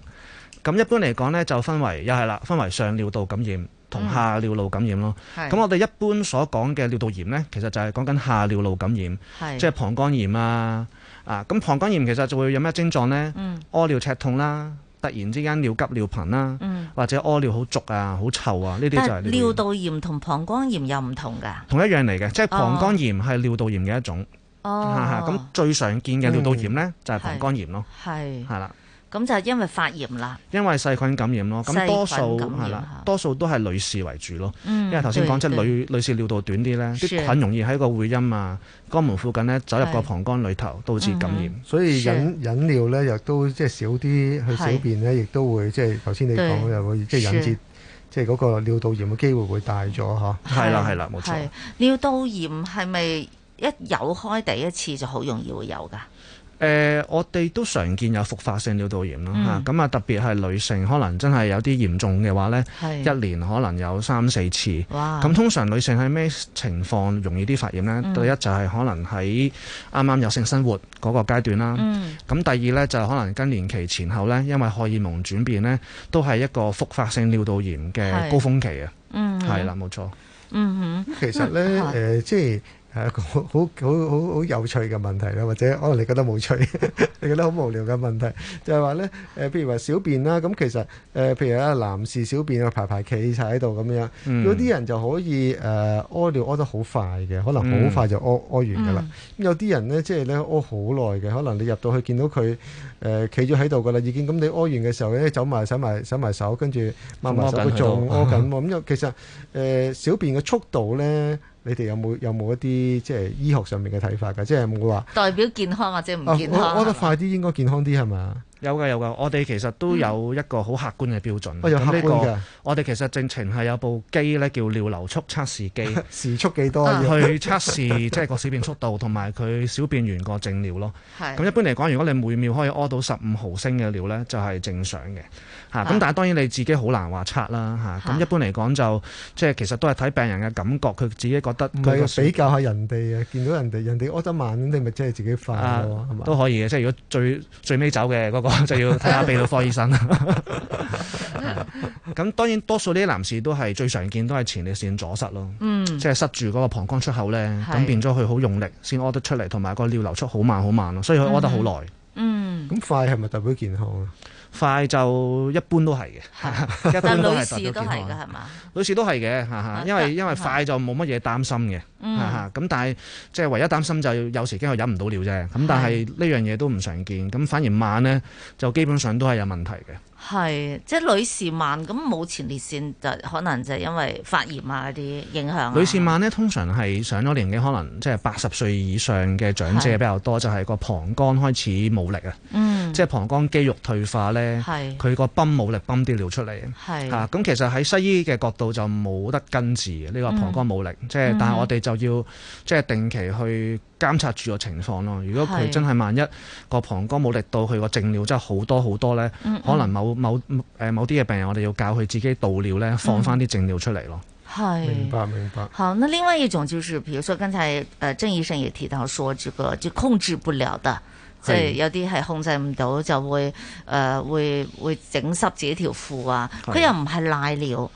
咁一般嚟講咧，就分為又係啦，分為上尿道感染同下尿路感染咯。咁、嗯、我哋一般所講嘅尿道炎咧，其實就係講緊下尿路感染，是即係膀胱炎啊。啊，咁膀胱炎其實就會有咩症狀呢？屙、嗯、尿赤痛啦、啊，突然之間尿急尿頻啦、啊，嗯、或者屙尿好濁啊、好臭啊，呢啲就係尿道炎，尿道炎和膀同，的同樣的膀胱炎又唔同㗎。同一樣嚟嘅，即係膀胱炎係尿道炎嘅一種。哦，咁最常見嘅尿道炎咧，就係、是、膀胱炎咯。係，係啦。咁就係因為發炎啦，因為細菌感染咯。細菌感染嚇，多數多數都係女士為主咯。嗯，因為頭先講即係女女士尿道短啲咧，啲菌容易喺個會陰啊、肛門附近咧走入個膀胱裏頭，導致感染。所以飲飲料咧又都即係少啲去小便咧，亦都會即係頭先你講又會即係引致即係嗰個尿道炎嘅機會會大咗嚇。係啦，係啦，冇錯。尿道炎係咪一有開第一次就好容易會有㗎？誒、呃，我哋都常見有復發性尿道炎啦嚇咁、嗯、啊特別係女性，可能真係有啲嚴重嘅話呢是一年可能有三四次。哇！咁通常女性喺咩情況容易啲發炎呢？嗯、第一就係可能喺啱啱有性生活嗰個階段啦。咁、嗯、第二呢，就係可能更年期前後呢，因為荷爾蒙轉變呢，都係一個復發性尿道炎嘅高峰期啊。嗯，係啦，冇錯。嗯哼，嗯哼 其實呢，呃、即係。係一個好好好好好有趣嘅問題啦，或者可能你覺得冇趣，你覺得好無聊嘅問題，就係話咧，誒，譬如話小便啦，咁其實誒，譬如啊，男士小便啊，排排企曬喺度咁樣，有啲人就可以誒屙尿屙得好快嘅，可能好快就屙屙完㗎啦。咁有啲人咧，即係咧屙好耐嘅，可能你入到去見到佢誒企咗喺度噶啦，已經咁你屙完嘅時候咧，走埋洗埋洗埋手，跟住慢慢就會仲屙緊。咁又其實誒小便嘅速度咧。你哋有冇有冇一啲即係醫學上面嘅睇法噶？即係有冇話代表健康或者唔健康，啊我。我覺得快啲應該健康啲係咪啊？有噶有噶，我哋其實都有一個好客觀嘅標準。我有客觀嘅。我哋其實正情係有部機咧，叫尿流速測試機， 時速幾多、啊？去測試 即係個小便速度同埋佢小便完個正尿咯。咁是一般嚟講，如果你每秒可以屙到十五毫升嘅尿咧，就係、是、正常嘅。咁是、啊、但係當然你自己好難話測啦。咁、啊、是一般嚟講就即係其實都係睇病人嘅感覺，佢自己覺得。佢比較下人哋啊！見到人哋人哋屙得慢，你咪即係自己快囉，都、啊、吧可以嘅，即係如果最最尾走嘅嗰 就要睇下泌尿科醫生。 咁 當然多數啲男士都係最常見都係前列腺阻塞咯、嗯，即係塞住嗰個膀胱出口咧，咁是變咗佢好用力先屙得出嚟，同埋個尿流速好慢好慢咯，所以佢屙得好耐、嗯。嗯，咁快係咪代表健康啊？快就一般都係嘅，的 一般都係，代表健康都係嘅係嘛？女士都係嘅，因為的因為快就冇乜嘢擔心嘅，咁的的但係即係唯一擔心就有時驚佢飲唔到尿啫。咁、嗯、但係呢樣嘢都唔常見，咁反而慢咧就基本上都係有問題嘅。係，即係女士慢咁冇前列腺就可能就係因為發炎啊啲影響，啊。女士慢咧通常係上咗年紀，可能即係八十歲以上嘅長者比較多，係就係個膀胱開始冇力啊。嗯，即係膀胱肌肉退化咧，佢個係泵冇力泵啲尿出嚟。係咁係、啊、其實喺西醫嘅角度就冇得根治呢、呢個膀胱冇力，即係但係我哋就要即係定期去監察住個情況咯，如果佢真係萬一個膀胱冇力到，佢個淨尿真係好多好多咧，是可能某某誒、呃、某啲嘅病人，我哋要教佢自己倒尿咧，放翻啲淨尿出嚟咯。係是是，明白明白。好，那另外一種就是，譬如說剛，剛才誒鄭醫生也提到說，說這個就控制不了的，即係是有啲係控制唔到，就會誒、呃、會會整濕自己條褲啊，佢的又唔係瀨尿。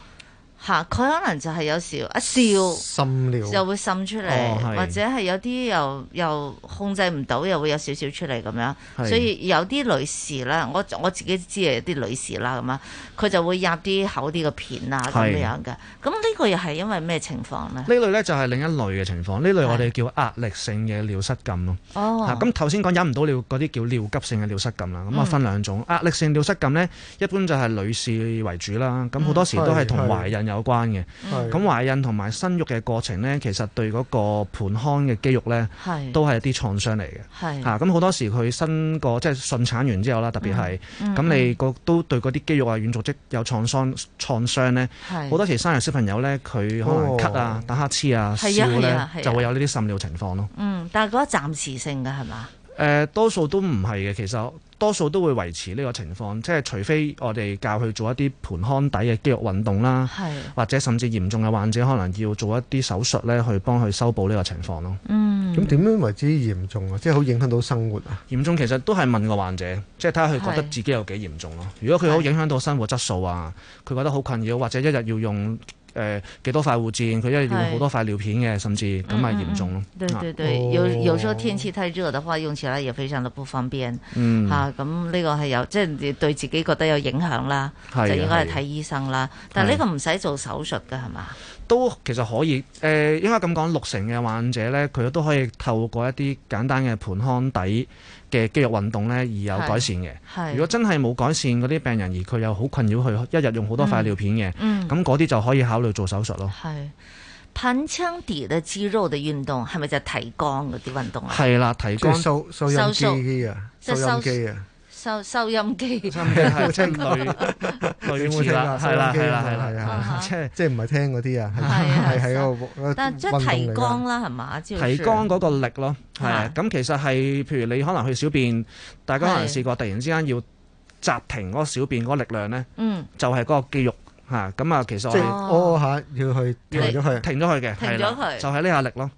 嚇，佢可能就係有時一笑，就會滲出嚟，哦、或者係有啲又又控制唔到，又會有少少出嚟咁樣。是所以有啲女士啦，我我自己知係有啲女士啦咁啊，佢就會入啲厚啲嘅片啊咁樣嘅。咁呢是個又係因為咩情況呢？呢類咧就係另一類嘅情況，呢類我哋叫壓力性嘅尿失禁咯。是哦。咁頭先講忍唔到尿嗰啲叫尿急性嘅尿失禁啦。咁啊分兩種，嗯、壓力性尿失禁咧，一般就係女士為主啦。咁好、嗯、多時都係同懷孕是有關嘅，咁、嗯、懷孕同埋生育嘅過程呢，其實對嗰個盆腔嘅肌肉呢，是都係一啲創傷嚟嘅。咁好是、啊、多時佢生個即係順產完之後啦，特別係咁、嗯嗯、你個都對嗰啲肌肉啊、軟組織有創傷、創傷呢，好是多時生完小朋友呢，佢可能咳啊、哦哦打乞嗤啊、笑、啊啊啊、就會有呢啲滲尿情況咯。嗯，但係嗰個暫時性嘅係嘛？誒、呃，多數都唔係嘅，其實。多數都會維持呢個情況，即係除非我哋教佢做一啲盆腔底嘅肌肉運動啦，是或者甚至嚴重嘅患者可能要做一啲手術呢去幫佢修補呢個情況咯。嗯，咁點樣為之嚴重啊？即係好影響到生活啊？嚴重其實都係問個患者，即係睇下佢覺得自己有幾嚴重咯。是如果佢好影響到生活質素啊，佢覺得好困擾，或者一日要用。誒幾、呃、多塊護墊，佢因為用好多塊尿片嘅，嗯、甚至咁咪嚴重咯。對對對，啊、有有時候天氣太熱嘅話，用起來也非常的不方便。嗯，咁呢、啊、個係有即係、就是、對自己覺得有影響啦，是的就應該係睇醫生啦。的但呢個唔使做手術嘅係嘛？的吧都其實可以，誒應該咁講，六成嘅患者呢，佢都可以透過一啲簡單嘅盆腔底。嘅肌肉運動呢，而有改善嘅。如果真係冇改善嗰啲病人而佢又好困擾，佢一日用好多塊尿片嘅，咁嗰啲就可以考慮做手術咯。係盆腔底嘅肌肉嘅運動係咪就係提肛嗰啲運動啊？係啦，提肛收收陰肌嘅，收陰肌啊。受收收音機，收聽佢，對住啦，收音機啦，係啦，即係即係唔係聽嗰啲啊？係係係啊！但係即係提肛啦，係嘛？提肛嗰個力咯，係。咁其實係，譬如你可能去小便，大家可能試過突然之間要暫停嗰小便嗰力量咧，嗯，就係嗰個肌肉嚇，咁啊其實我哋屙下要去停咗佢，停咗佢嘅，停咗佢，就係呢下力咯。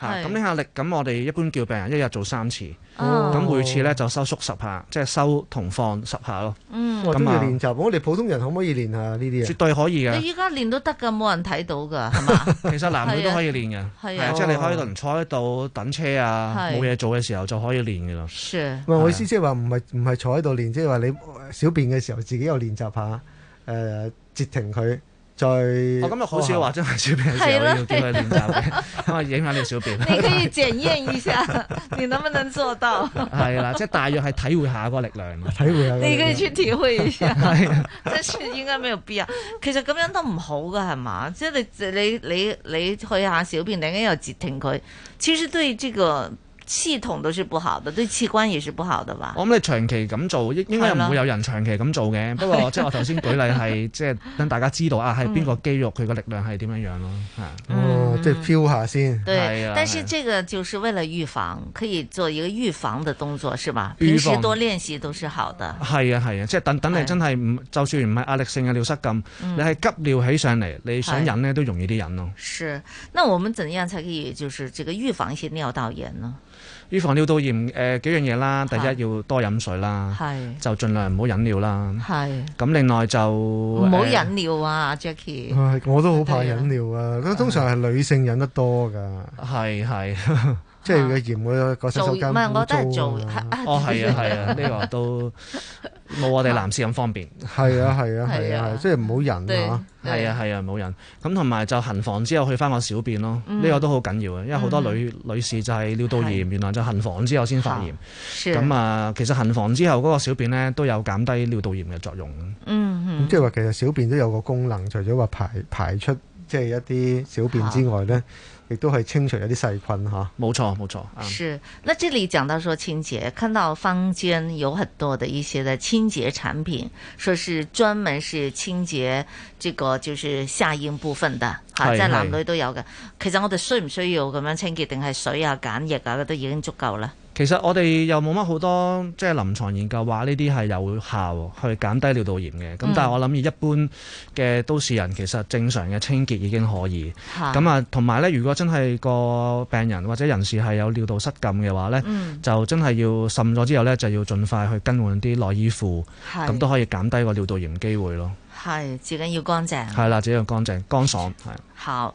係咁呢下力，咁我哋一般叫病人一日做三次，咁每次咧就收縮十下，即係收同放十下咯。嗯，咁要練習。我哋普通人可唔可以練下呢啲啊？絕對可以噶。你依家練都得噶，冇人睇到噶，係嘛？其實男女都可以練嘅。係啊，即係你可以坐喺度等車啊，冇嘢做嘅時候就可以練嘅啦。唔係，我意思，即係話唔係唔係坐喺度練，即係話你小便嘅時候自己又練習下，誒截停佢。再我咁又好少話將小便上尿道嘅練習，我影下你小便。 你可以檢驗一下，你能不能做到的？係啦， 即、就、係、是、大約係體會一下個力量，體會下。你可以去體會一下，係即係應該冇必要。其實咁樣都唔好嘅係嘛，即係、就是、你你你你去下小便，突然間又截停佢，其實對這個。系統都是不好的，對器官也是不好的吧？我們長期咁做，應該唔會有人長期咁做嘅。不過即係我頭先舉例係，即係等大家知道啊，係邊個肌肉佢個力量係點樣樣咯。哦，即係 feel 下先。對，但是這個就是為了預防，可以做一個預防的動作，是吧？平時多練習都是好的。係啊係啊，即係等等你真係唔，就算唔係壓力性嘅尿失禁，你係急尿起上嚟，你想忍呢都容易啲忍咯。是，那我們怎樣才可以就是這個預防一些尿道炎呢？預防尿道炎，誒、呃、幾樣嘢啦。第一要多飲水啦，是就盡量唔好忍尿啦。咁是，另外就唔好忍尿啊、欸、Jackie。我都好怕忍尿啊，對通常係女性忍得多㗎。係係。 即係嘅鹽嗰個洗手間唔係我都係做，哦係啊係啊，呢個都冇我哋男士咁方便。係啊係啊係啊，即係唔好人啊。係啊係啊唔好人，咁同埋就行房之後去翻個小便咯，呢個都好緊要嘅，因為好多女女士就係尿道炎，原來就行房之後先發炎。咁啊，其實行房之後嗰個小便咧都有減低尿道炎嘅作用。嗯，即係話其實小便都有個功能，除咗話排排出即係一啲小便之外咧。亦都係清除一啲細菌吓，冇錯冇錯。沒錯是，那這裏講到說清潔，看到坊間有很多的一些的清潔產品，說是專門是清潔這個就是下陰部分的，吓是，即係男女都有嘅。是其實我哋需唔需要咁樣清潔，定係水啊、梘液啊，都已經足夠啦。其實我哋又冇乜好多即係臨床研究話呢啲係有效去減低尿道炎嘅。咁、嗯、但係我諗，一般嘅都市人其實正常嘅清潔已經可以。咁啊是，同埋呢，如果真係個病人或者人士係有尿道失禁嘅話呢，嗯、就真係要滲咗之後呢，就要盡快去更換啲內衣褲，咁都是可以減低個尿道炎機會咯。係，至緊要乾淨。係啦，只要乾淨、乾爽係。好。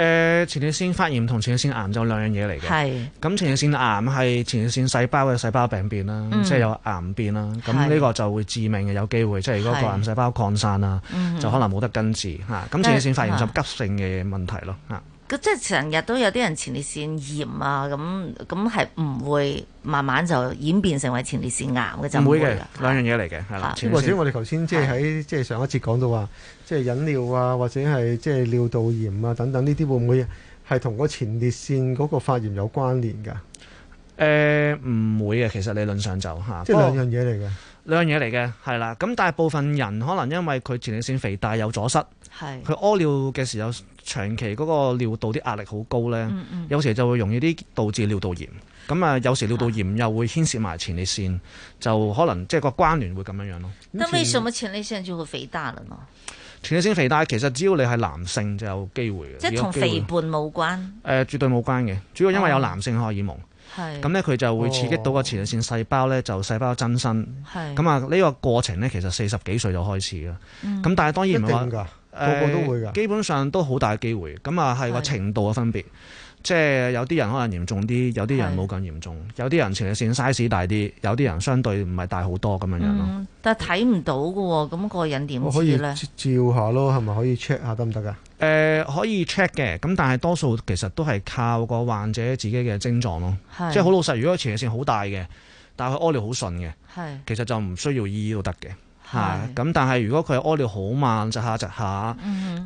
誒、呃，前列腺發炎同前列腺癌就兩樣嘢嚟嘅。係是，咁前列腺癌係前列腺細胞嘅細胞病變啦，嗯、即係有癌變啦。咁呢是個就會致命嘅，有機會即係如果個癌細胞擴散啦，是就可能冇得根治吓咁、嗯啊、前列腺發炎就急性嘅問題咯、嗯啊即係成日都有啲人前列腺炎啊，咁，咁係唔會慢慢就演變成為前列腺癌嘅，就唔會嘅，兩樣嘢嚟嘅，係啦。或者我哋頭先即係喺即係上一節講到話，即係飲料啊，或者係即係尿道炎啊等等，呢啲會唔會係同嗰前列腺嗰個發炎有關聯㗎？誒，唔會嘅，其實理論上就吓。即係兩樣嘢嚟嘅。兩樣嘢嚟嘅，係啦。咁大部分人可能因為佢前列腺肥大有阻塞，係佢屙尿嘅時候長期嗰個尿道啲壓力好高咧，嗯嗯，有時就會容易啲導致尿道炎。咁啊，有時尿道炎又會牽涉埋前列腺，啊、就可能即係個關聯會咁樣樣咯。咁為什麼前列腺就會肥大咧？前列腺肥大其實只要你係男性就有機會嘅，即係同肥胖冇關。誒、呃，絕對冇關嘅，主要因為有男性荷爾蒙。哦。係，咁咧佢就會刺激到個前列腺細胞咧，就細胞增生。係，咁啊呢個過程咧，其實四十幾歲就開始啦。咁但係當然唔係話個個都會噶，基本上都好大嘅機會。咁啊係個程度嘅分別，即係有啲人可能嚴重啲，有啲人冇咁嚴重，有啲人前列腺 size 大啲，有啲人相對唔係大好多咁樣樣咯。但係睇唔到㗎喎，咁個人點知咧？我可以照下咯，係咪可以 check 下得唔得啊？誒、呃、可以 check 嘅，咁但係多數其實都係靠個患者自己嘅症狀咯，是即係好老實。如果個前列腺好大嘅，但係佢屙尿好順嘅，是其實就唔需要醫都得嘅。咁是是但係如果佢屙尿好慢，窒下窒下，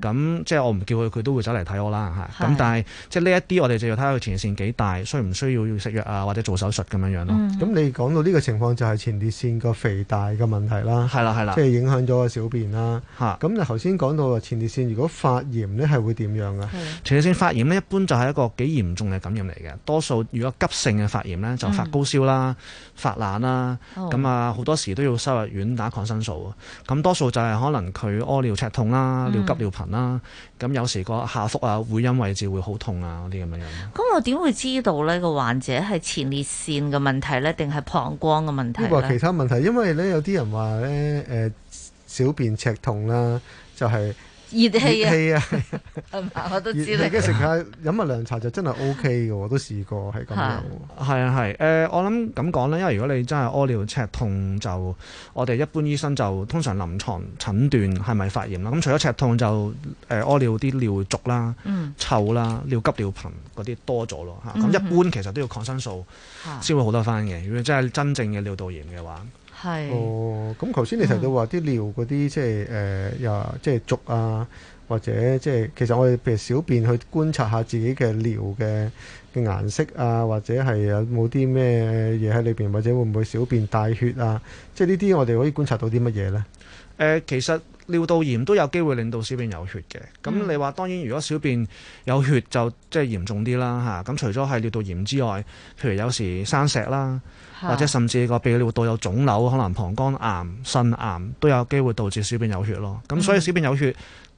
咁即係我唔叫佢，佢都會走嚟睇我啦，咁是但係即係呢一啲，我哋就要睇下佢前列腺幾大，需唔需要要食藥啊，或者做手術咁樣樣咯。咁、mm hmm. 你講到呢個情況，就係前列腺個肥大嘅問題啦。係啦，係啦，即係影響咗個小便啦。嚇的，咁你頭先講到前列腺如果發炎咧，係會點樣啊？前列腺發炎咧，一般就係一個幾嚴重嘅感染嚟嘅。多數如果急性嘅發炎咧，就發高燒啦，mm hmm. 發冷啦，咁啊好多時都要收入院打抗生素。咁多數就係可能佢屙尿赤痛啦，尿急尿頻啦，咁、嗯嗯、有時個下腹啊、會陰位置會好痛啊嗰啲咁嘅樣。咁我點會知道呢個患者係前列腺嘅問，問題呢？定係膀胱嘅問題咧？唔係其他問題，因為咧有啲人話咧誒小便赤痛啦，就係，是。熱氣啊！熱氣啊！我都知啦。食 下飲下涼茶就真係 OK 嘅，我都試過係咁樣的。係啊係。誒、呃，我諗咁講啦，因為如果你真係屙尿赤痛就，就我哋一般醫生就通常臨床診斷係咪發炎啦。咁除咗赤痛就誒屙、呃、尿啲尿濁啦、臭啦、尿急尿頻嗰啲多咗咯嚇。咁、嗯、哼一般其實都要抗生素先會好得翻嘅。啊、如果真係真正嘅尿道炎嘅話。係是哦，咁頭先你提到話啲、嗯、尿嗰啲即係誒又即係濁啊，或者即、就、係、是、其實我哋譬如小便去觀察一下自己嘅尿嘅嘅顏色啊，或者係有冇啲咩嘢喺裏邊，或者會唔會小便帶血啊？即係呢啲我哋可以觀察到啲乜嘢呢？誒、呃，其實尿道炎都有機會令到小便有血嘅。咁你話當然，如果小便有血就即係嚴重啲啦吓，咁、嗯啊、除咗係尿道炎之外，譬如有時生石啦。或者甚至個泌尿道有腫瘤，可能膀胱癌、腎癌都有機會導致小便有血咯。咁、嗯、所以小便有血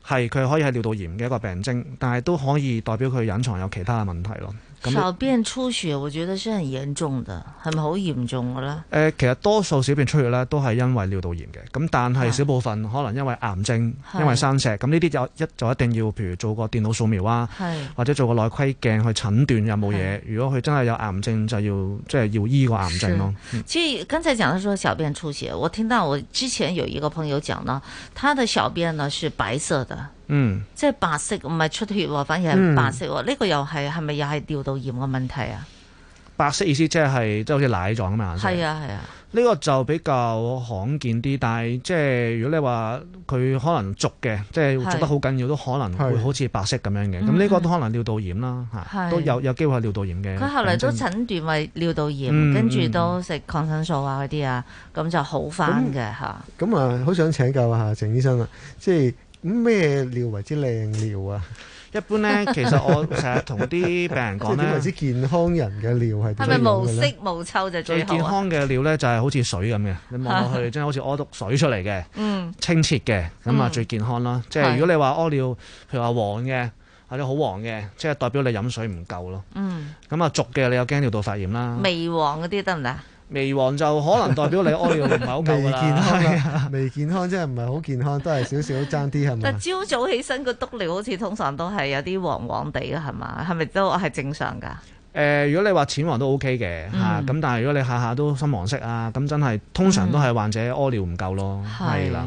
係佢可以係尿道炎嘅一個病徵，但係都可以代表佢隱藏有其他嘅問題咯。小那便出血，我覺得是很嚴重的，係咪好嚴重嘅咧？誒、呃，其實多數小便出血咧都係因為尿道炎嘅，咁但係少部分可能因為癌症、是因為生石，咁呢啲就一就一定要譬如做個電腦掃描啊，是或者做個內窺鏡去診斷有冇嘢。是如果佢真係有癌症就，就要即係要醫個癌症咯、啊。所以剛才講到說小便出血，我聽到我之前有一個朋友講到他的小便呢是白色的。嗯，即係白色，唔係出血喎，反而係白色喎。呢、嗯、個又係係咪又係尿道炎嘅問題啊？白色意思即係即係好似奶狀咁樣。係啊係啊，呢、啊、個就比較罕見啲，但係即係如果你話佢可能濁嘅，即係濁得好緊要，都可能會好似白色咁樣嘅。咁呢是、嗯、個都可能尿道炎啦，吓是都有有機會係尿道炎嘅。佢後來都診斷為尿道炎，嗯、跟住都食抗生素啊嗰啲啊，咁就好返嘅吓。咁啊、嗯，好、嗯、想請教下鄭醫生啊，即係。咩尿、嗯、為之靚尿啊？一般咧， 其實我成日同啲病人講咧，即係點為之健康人嘅尿係？係咪無色無臭就最好？最健康嘅尿咧就係、是、好似水咁嘅，你望落去 真係好似屙督水出嚟嘅，嗯，清澈嘅，咁啊最健康啦。嗯、即係如果你話屙尿譬如話黃嘅，或者好黃嘅，即係代表你飲水唔夠咯。嗯，咁啊濁嘅你有驚尿道發炎啦。微黃嗰啲得唔得？微黃就可能代表你屙尿唔夠，微 健康啦，微、啊、健康即係唔係好健康，都係少少爭啲係咪？但朝早起身個督尿好似通常都係有啲黃黃地嘅係嘛？係咪都係正常噶？誒、呃，如果你話淺黃都 OK 嘅吓，咁、嗯、但係如果你下下都深黃色啊，咁真係通常都係患者屙尿唔夠咯，係、嗯、是啦。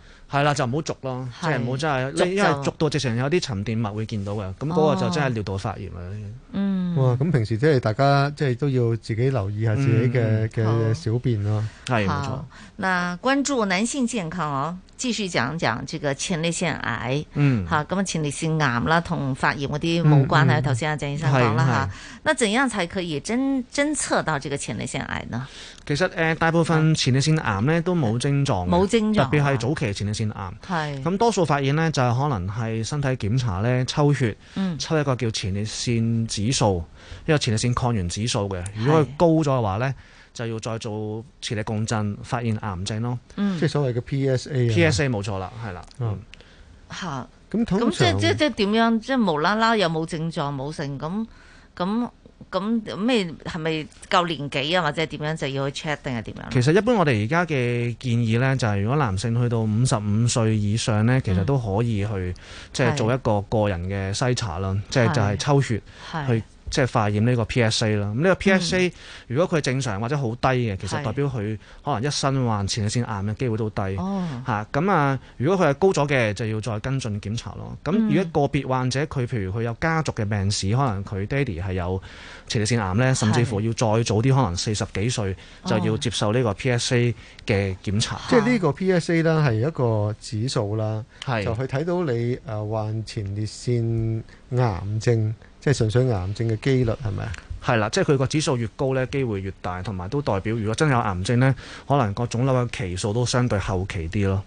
係啦，就唔好濁咯，即係唔好真係，濁因為濁到直情有啲沉澱物會見到嘅，咁嗰、哦、個就真係尿道發炎啊！嗯，哇，咁平時即係大家即係都要自己留意下自己嘅嘅、嗯嗯、小便咯。係冇錯，好，嗱關注男性健康哦。繼續講一講這個前列腺癌，嗯，嗯，吓，咁啊前列腺癌啦，同發炎嗰啲冇關係。頭先阿鄭醫生講啦吓、啊，那怎樣才可以偵偵測到這個前列腺癌呢？其實誒、呃，大部分前列腺癌咧、嗯、都冇症狀，冇症狀、啊，特別係早期前列腺癌。係咁、啊、多數發現呢，就係、是、可能係身體檢查咧抽血，嗯、抽一個叫前列腺指數，一個前列腺抗原指數嘅。如果佢高咗嘅話咧。是呢就要再做磁力共振，發現癌症咯，即係所謂嘅 PSA。PSA 冇錯啦，係啦。嚇！咁通常即即係點樣？即係無啦啦有冇症狀冇性咁咁咁咩？係咪夠年紀啊？或者點樣就要去 check 定係點樣？其實一般我哋而家嘅建議咧，就係如果男性去到五十五歲以上咧，其實都可以去即係做一個個人嘅篩查啦，即係就係抽血去。即係化驗呢個 PSA 啦、嗯，咁呢個 PSA 如果佢正常或者好低嘅，其實代表佢可能一身患前列腺癌嘅機會都低嚇。咁、哦、啊，如果佢係高咗嘅，就要再跟進檢查咯。咁如果個別患者佢譬如佢有家族嘅病史，可能佢爹哋係有前列腺癌呢，甚至乎要再早啲，可能四十幾歲就要接受呢個 PSA 嘅檢查。哦啊、即係呢個 PSA 呢，係一個指數啦，啊、是就去睇到你患前列腺癌症。即係純粹癌症嘅機率係咪啊？係啦，即係佢個指數越高咧，機會越大，同埋都代表如果真係有癌症咧，可能個腫瘤嘅期數都相對後期啲咯。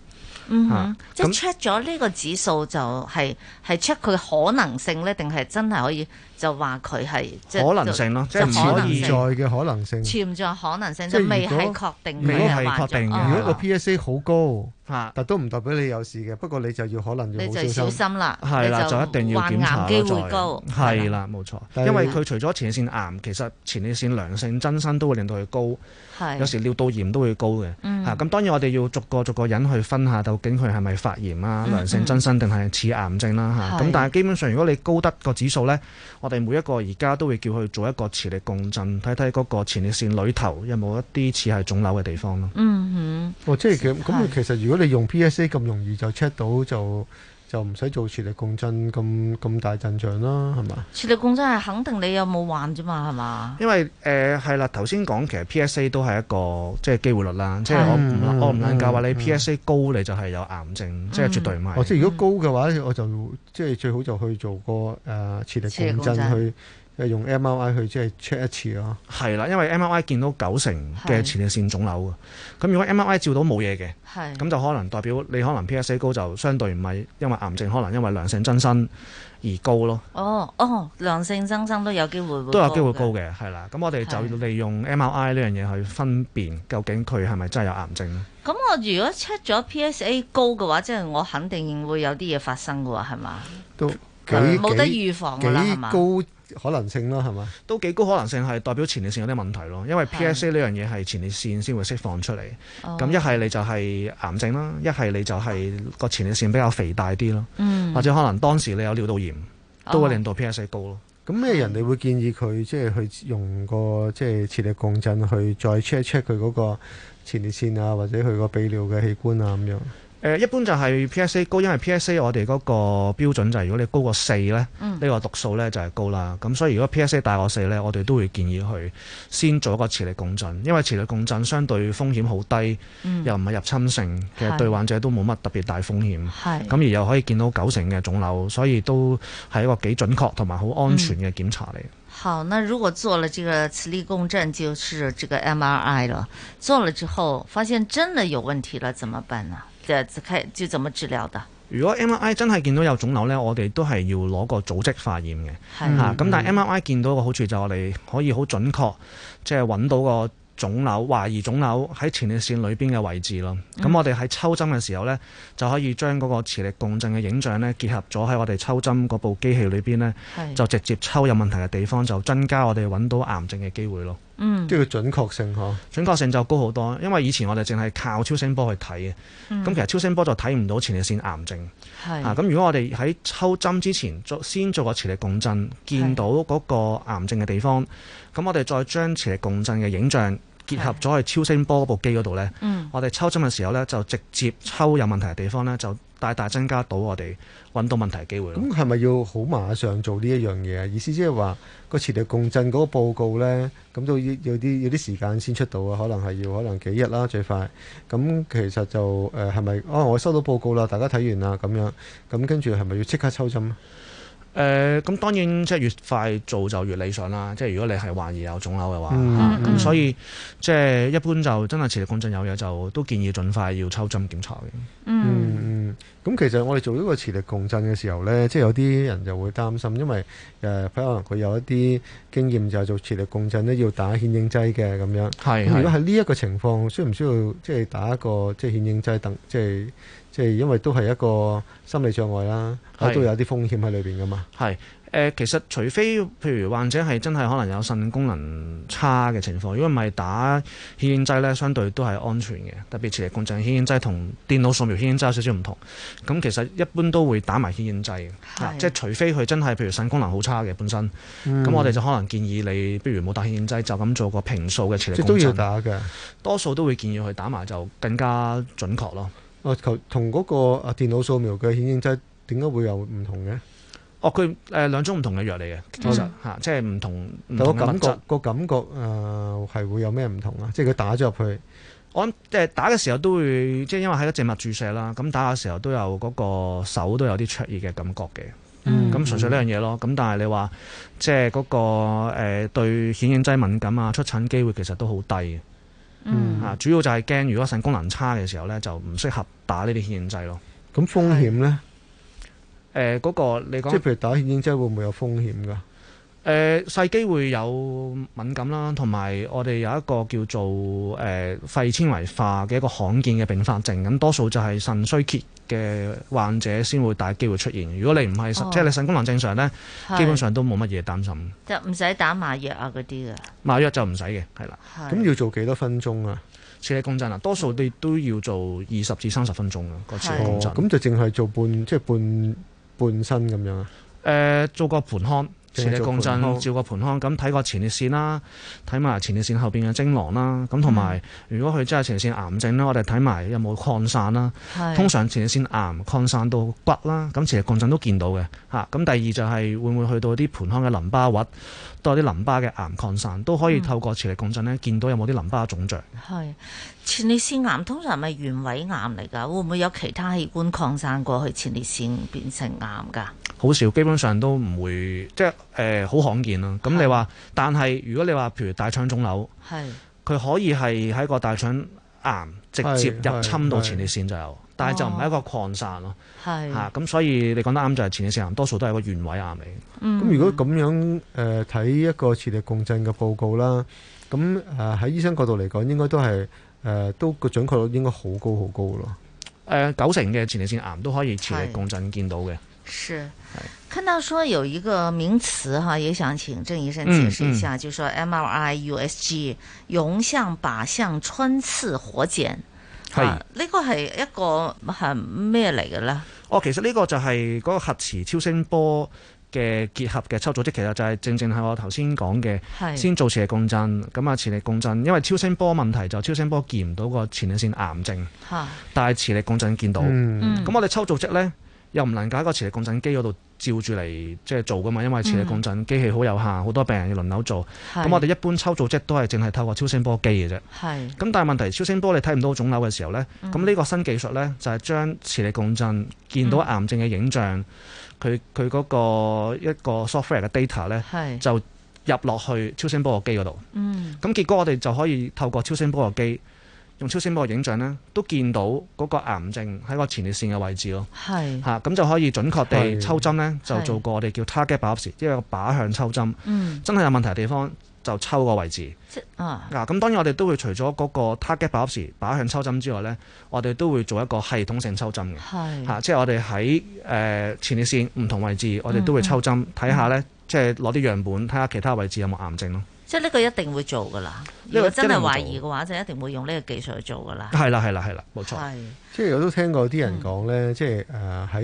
嗯哼，啊、即係 check 咗呢個指數那就係係 check 佢可能性咧，定係真係可以？就話佢係即可能性咯，即潛在嘅可能性，潛在可能性即未係確定，未係確定嘅。如果個 PSA 好高嚇，但都唔代表你有事嘅。不過你就要可能要小心啦，係啦，就一定要檢查。機會高，係啦，冇錯。因為佢除咗前列腺癌，其實前列腺良性增生都會令到佢高，係。有時尿道炎都會高嘅嚇。咁當然我哋要逐個逐個人去分下究竟佢係咪發炎呀、良性增生定係似癌症啦嚇。咁但係基本上如果你高得個指數咧，我哋每一個而家都會叫佢做一個磁力共振，睇睇嗰個前列腺裏頭有冇一啲似係腫瘤嘅地方咯。嗯哼。哦，即係咁。咁其實如果你用 PSA 咁容易就 check 到就。就唔使做磁力共振咁咁大陣仗啦，係嘛？磁力共振係肯定你有冇患啫嘛，係嘛？因為誒係、呃、啦，頭先講其實 PSA 都係一個即係機會率啦，嗯、即係我唔我唔能夠話你、嗯、PSA 高你就係有癌症，嗯、即係絕對唔係、哦。即係如果高嘅話，我就即係最好就去做個誒、呃、磁力共振、磁力共振去。就用 MRI 去即係 check 一次咯、啊，係啦，因為 MRI 見到九成嘅前列腺腫瘤噶，咁的如果 MRI 照到冇嘢嘅，咁的就可能代表你可能 PSA 高就相對唔係因為癌症，可能因為良性增生而高咯。哦哦，良性增生都有機會，會，都有機會高嘅，係啦。咁我哋就利用 MRI 呢樣嘢去分辨究竟佢係咪真係有癌症。咁的我如果 check 咗 PSA 高嘅話，即、就、係、是、我肯定會有啲嘢發生噶喎，係嘛？都冇幾幾 得預防噶啦，係嘛幾高？可能性咯，係嘛？都幾高可能性係代表前列腺有啲問題咯，因為 PSA 呢的樣嘢係前列腺先會釋放出嚟。咁一係你就係癌症啦，一係你就係個前列腺比較肥大啲咯，嗯、或者可能當時你有尿道炎，都會令到 PSA 高咯。咁咩、哦嗯、人哋會建議佢即係去用個即係、就是、磁力共振去再 check check 佢嗰個前列腺啊，或者佢個泌尿嘅器官啊咁樣？一般就係 PSA 高，因為 PSA 我哋嗰個標準就係如果你高過四咧、嗯，呢個讀數咧就係高啦。咁所以如果 PSA 大過四咧，我哋都會建議去先做一個磁力共振，因為磁力共振相對風險好低，嗯、又唔係入侵性，其實對患者都冇乜特別大風險。咁是而又可以見到九成嘅腫瘤，所以都係一個幾準確同埋好安全嘅檢查嚟、嗯。好，那如果做了這個磁力共振，就是這個 MRI 了。做了之後發現真的有問題了，怎麼辦呢？就睇就怎麼治療的。如果 MRI 真係見到有腫瘤呢，我哋都係要攞個組織化驗嘅。係的。吓、嗯，咁但係 MRI 見到個好處就係我哋可以好準確，即係揾到個。腫瘤，懷疑腫瘤喺前列腺裏邊嘅位置咯，咁、嗯、我哋喺抽針嘅時候呢，就可以將嗰個磁力共振嘅影像呢結合咗喺我哋抽針嗰部機器裏邊呢，是就直接抽有問題嘅地方，就增加我哋揾到癌症嘅機會咯。嗯，叫做準確性嗬，準確性就高好多，因為以前我哋淨係靠超聲波去睇嘅，咁其實超聲波就睇唔到前列腺癌症。啊，咁如果我哋喺抽針之前做先做個磁力共振，見到嗰個癌症嘅地方，咁我哋再將磁力共振嘅影像結合咗去超聲波部機嗰度呢，我哋抽針嘅時候呢，就直接抽有問題嘅地方呢。就。大大增加到我哋揾到問題嘅機會。咁係咪要好馬上做呢一樣嘢啊？意思即係話個磁力共振嗰個報告呢，咁都要啲要啲時間先出到啊，可能係要可能幾日啦，最快。咁其實就誒係咪哦？我收到報告啦，大家睇完啦咁樣，咁跟住係咪要即刻抽針啊？誒咁、呃、當然，即係越快做就越理想啦。即係如果你係懷疑有腫瘤嘅話，咁、嗯嗯、所以即係一般就真係磁力共振有嘢就都建議盡快要抽針檢查嘅。嗯嗯，咁、嗯嗯、其實我哋做呢個磁力共振嘅時候呢，即、就、係、是、有啲人就會擔心，因為誒、呃、可能佢有一啲經驗就係做磁力共振呢，要打顯影劑嘅咁樣。係是。如果喺呢一個情況，需唔需要即係打一個即係顯影劑等即係？就是即係因為都係一個心理障礙啦，都是有啲風險喺裏邊噶嘛。係誒、呃，其實除非譬如患者係真係可能有腎功能差嘅情況，如果唔係打顯影劑咧，相對都係安全嘅。特別磁力共振顯影劑同電腦掃描顯影劑有少少唔同。咁其實一般都會打埋顯影劑，即係除非佢真係譬如腎功能好差嘅本身，咁、嗯、我哋就可能建議你，不如冇打顯影劑就咁做個平數嘅磁力共振。都要打嘅，多數都會建議佢打埋就更加準確咯。我同嗰個啊電腦掃描嘅顯影劑點解會有唔同嘅？哦，佢誒、呃、兩種唔同嘅藥嚟嘅，其實嚇，即係唔同。個感覺個感覺誒係、呃、會有咩唔同啊？即係佢打咗入去，我諗誒、呃、打嘅時候都會，即、就、係、是、因為喺個靜脈注射啦，咁打嘅時候都有嗰個手都有啲灼熱嘅感覺嘅。咁、嗯嗯、純粹呢樣嘢咯。咁但係你話即係嗰個誒、呃、對顯影劑敏感啊，出診機會其實都好低。嗯，啊，主要就係驚如果腎功能差嘅時候咧，就唔適合打這些、嗯、呢啲顯影劑咯。咁風險咧？誒，嗰個你講，即係譬如打顯影劑會唔會有風險噶？誒、呃、細機會有敏感啦，同埋我哋有一個叫做誒、呃、肺纖維化嘅一個罕見嘅併發症，咁多數就係腎衰竭嘅患者先會大機會出現。如果你唔係，哦、即係你腎功能正常咧，是基本上都冇乜嘢擔心。就唔使打麻藥啊，嗰啲嘅麻藥就唔使嘅，係啦。咁是要做幾多分鐘啊？磁力共振啊，多數你都要做二十至三十分鐘啊，個磁力共振。咁、哦、就淨係做半，即係半半身咁樣啊、呃？做個盆腔。磁力共振，共振照個盆腔，咁睇個前列腺啦，睇埋前列腺後面嘅精囊啦，咁同埋如果佢真係前列腺癌症啦，我哋睇埋有冇擴散啦。是通常前列腺癌擴散到骨啦，咁磁力共振都見到嘅嚇。咁、啊、第二就係會唔會去到啲盆腔嘅淋巴核，多啲淋巴嘅癌擴散，都可以透過磁力共振呢，見到有冇啲淋巴腫脹。係前列腺癌通常咪原位癌嚟㗎，會唔會有其他器官擴散過去前列腺變成癌㗎？好少，基本上都唔會即。誒好、呃、罕見咯，咁你話，是的 但係如果你話譬如大腸腫瘤，係佢是的 可以係喺個大腸癌直接入侵到前列腺就有，是的 但係就唔係一個擴散咯，係吓，咁所以你講得啱就係前列腺癌多數都係個原位癌嚟，咁如果咁樣誒睇、呃、一個磁力共振嘅報告啦，咁喺、呃、醫生角度嚟講應該都係誒都個準確率應該好高好高咯、呃，誒九成嘅前列腺癌都可以磁力共振見到嘅。是，看到說有一個名詞哈，也想請鄭醫生解釋一下，嗯嗯、就說 MRI-USG 容向靶向穿刺活檢，係呢是、啊呢個係一個係咩嚟嘅呢？哦，其實呢個就係嗰個核磁超聲波嘅結合嘅抽組織，其實就係正正係我頭先講嘅，是先做磁力共振，咁啊磁力共振，因為超聲波問題就超聲波見唔到個前列腺癌症，啊、但係磁力共振見到，咁、嗯嗯、我哋抽組織呢。又唔能夠喺個磁力共振機嗰度照住嚟即係做噶嘛，因為磁力共振機器好有限，好多病人要輪流做。咁、嗯、我哋一般抽組織都係淨係透過超聲波機嘅啫。咁是但係問題超聲波你睇唔到腫瘤嘅時候呢，咁呢、嗯、個新技術呢，就係、是、將磁力共振見到癌症嘅影像，佢佢嗰個一個 software 嘅 data 呢，是就入落去超聲波個機嗰度。咁、嗯、結果我哋就可以透過超聲波個機。用超聲波影像咧，都見到嗰個癌症喺個前列腺嘅位置咯。係嚇是，咁、啊、就可以準確地抽針咧，是就做個我哋叫 target b i o p 是即係靶向抽針。嗯、真係有問題嘅地方就抽個位置。啊，嗱、啊，咁當然我哋都會除咗嗰個 target b i o p s 向抽針之外咧，我哋都會做一個系統性抽針嘅。係嚇是、啊，即係我哋喺誒前列腺唔同位置，我哋都會抽針睇下咧，即係攞啲樣本睇下其他位置有冇癌症咯。即係呢個一定會做㗎喇，如果真係懷疑嘅話，就一定會用呢個技術去做㗎喇。係啦，係啦，係啦，冇錯。係的，即係我都聽過啲人講咧，嗯、即係誒喺。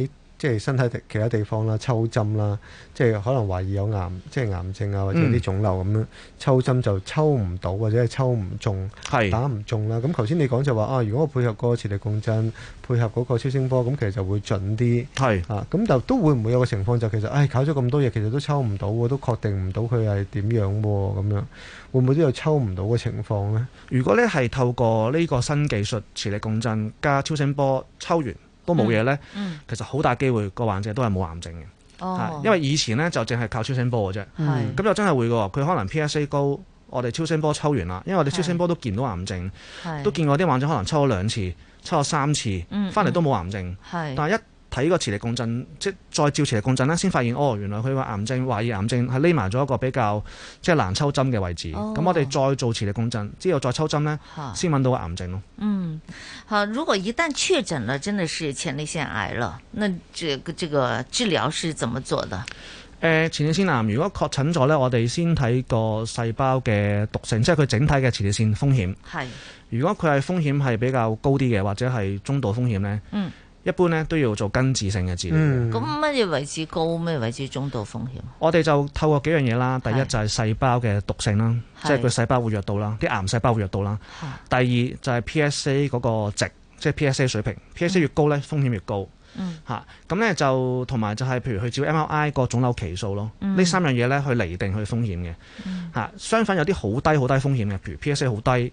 呃即係身體的其他地方啦，抽針啦，即係可能懷疑有癌，即係癌症啊，或者啲腫瘤咁樣，抽針就抽唔到或者係抽唔中，係是 打唔中啦。咁頭先你講就話、是、啊，如果我配合嗰個磁力共振，配合嗰個超聲波，咁其實就會準啲，係是 啊。咁就都會唔會有個情況就其實，唉、哎，搞咗咁多嘢，其實都抽唔到，都確定唔到佢係點樣喎？咁樣會唔會都有抽唔到嘅情況咧？如果咧係透過呢個新技術，磁力共振加超聲波抽完。都冇嘢呢，嗯嗯、其實好大機會個患者都係冇癌症嘅、哦，因為以前呢，就淨係靠超聲波嘅啫，咁、嗯、就真係會喎。佢可能 PSA 高，我哋超聲波抽完啦，因為我哋超聲波都見到癌症，是都見過啲患者可能抽咗兩次、抽咗三次，翻嚟、嗯嗯、都冇癌症，是但係一。睇呢個磁力共振，即再照磁力共振咧，先發現哦，原來佢個癌症懷疑癌症係匿埋咗一個比較即係難抽針嘅位置。咁、哦、我哋再做磁力共振之後再抽針呢，先揾哈到個癌症咯。嗯嚇，如果一旦確診了，真的是前列腺癌了，那這個這個治療是怎麼做的？誒、呃，前列腺癌如果確診咗呢，我哋先睇個細胞嘅毒性，即係佢整體嘅前列腺風險。係是。如果佢係風險係比較高啲嘅，或者係中度風險呢。嗯。一般咧都要做根治性嘅治療。嗯。咁乜嘢為之高，乜嘢為之中度風險？我哋就透過幾樣嘢啦，第一就係細胞嘅毒性啦，是即係個細胞會弱到啦，啲癌細胞會弱到啦。是第二就係 PSA 嗰個值，即係 PSA 水平、嗯、PSA 越高咧風險越高。嗯。吓、啊，咁咧就同埋就係譬如去照 MRI 個腫瘤期數咯，呢、嗯、三樣嘢咧去厘定去風險嘅。吓、嗯啊，相反有啲好低好低風險嘅，譬如 PSA 好低。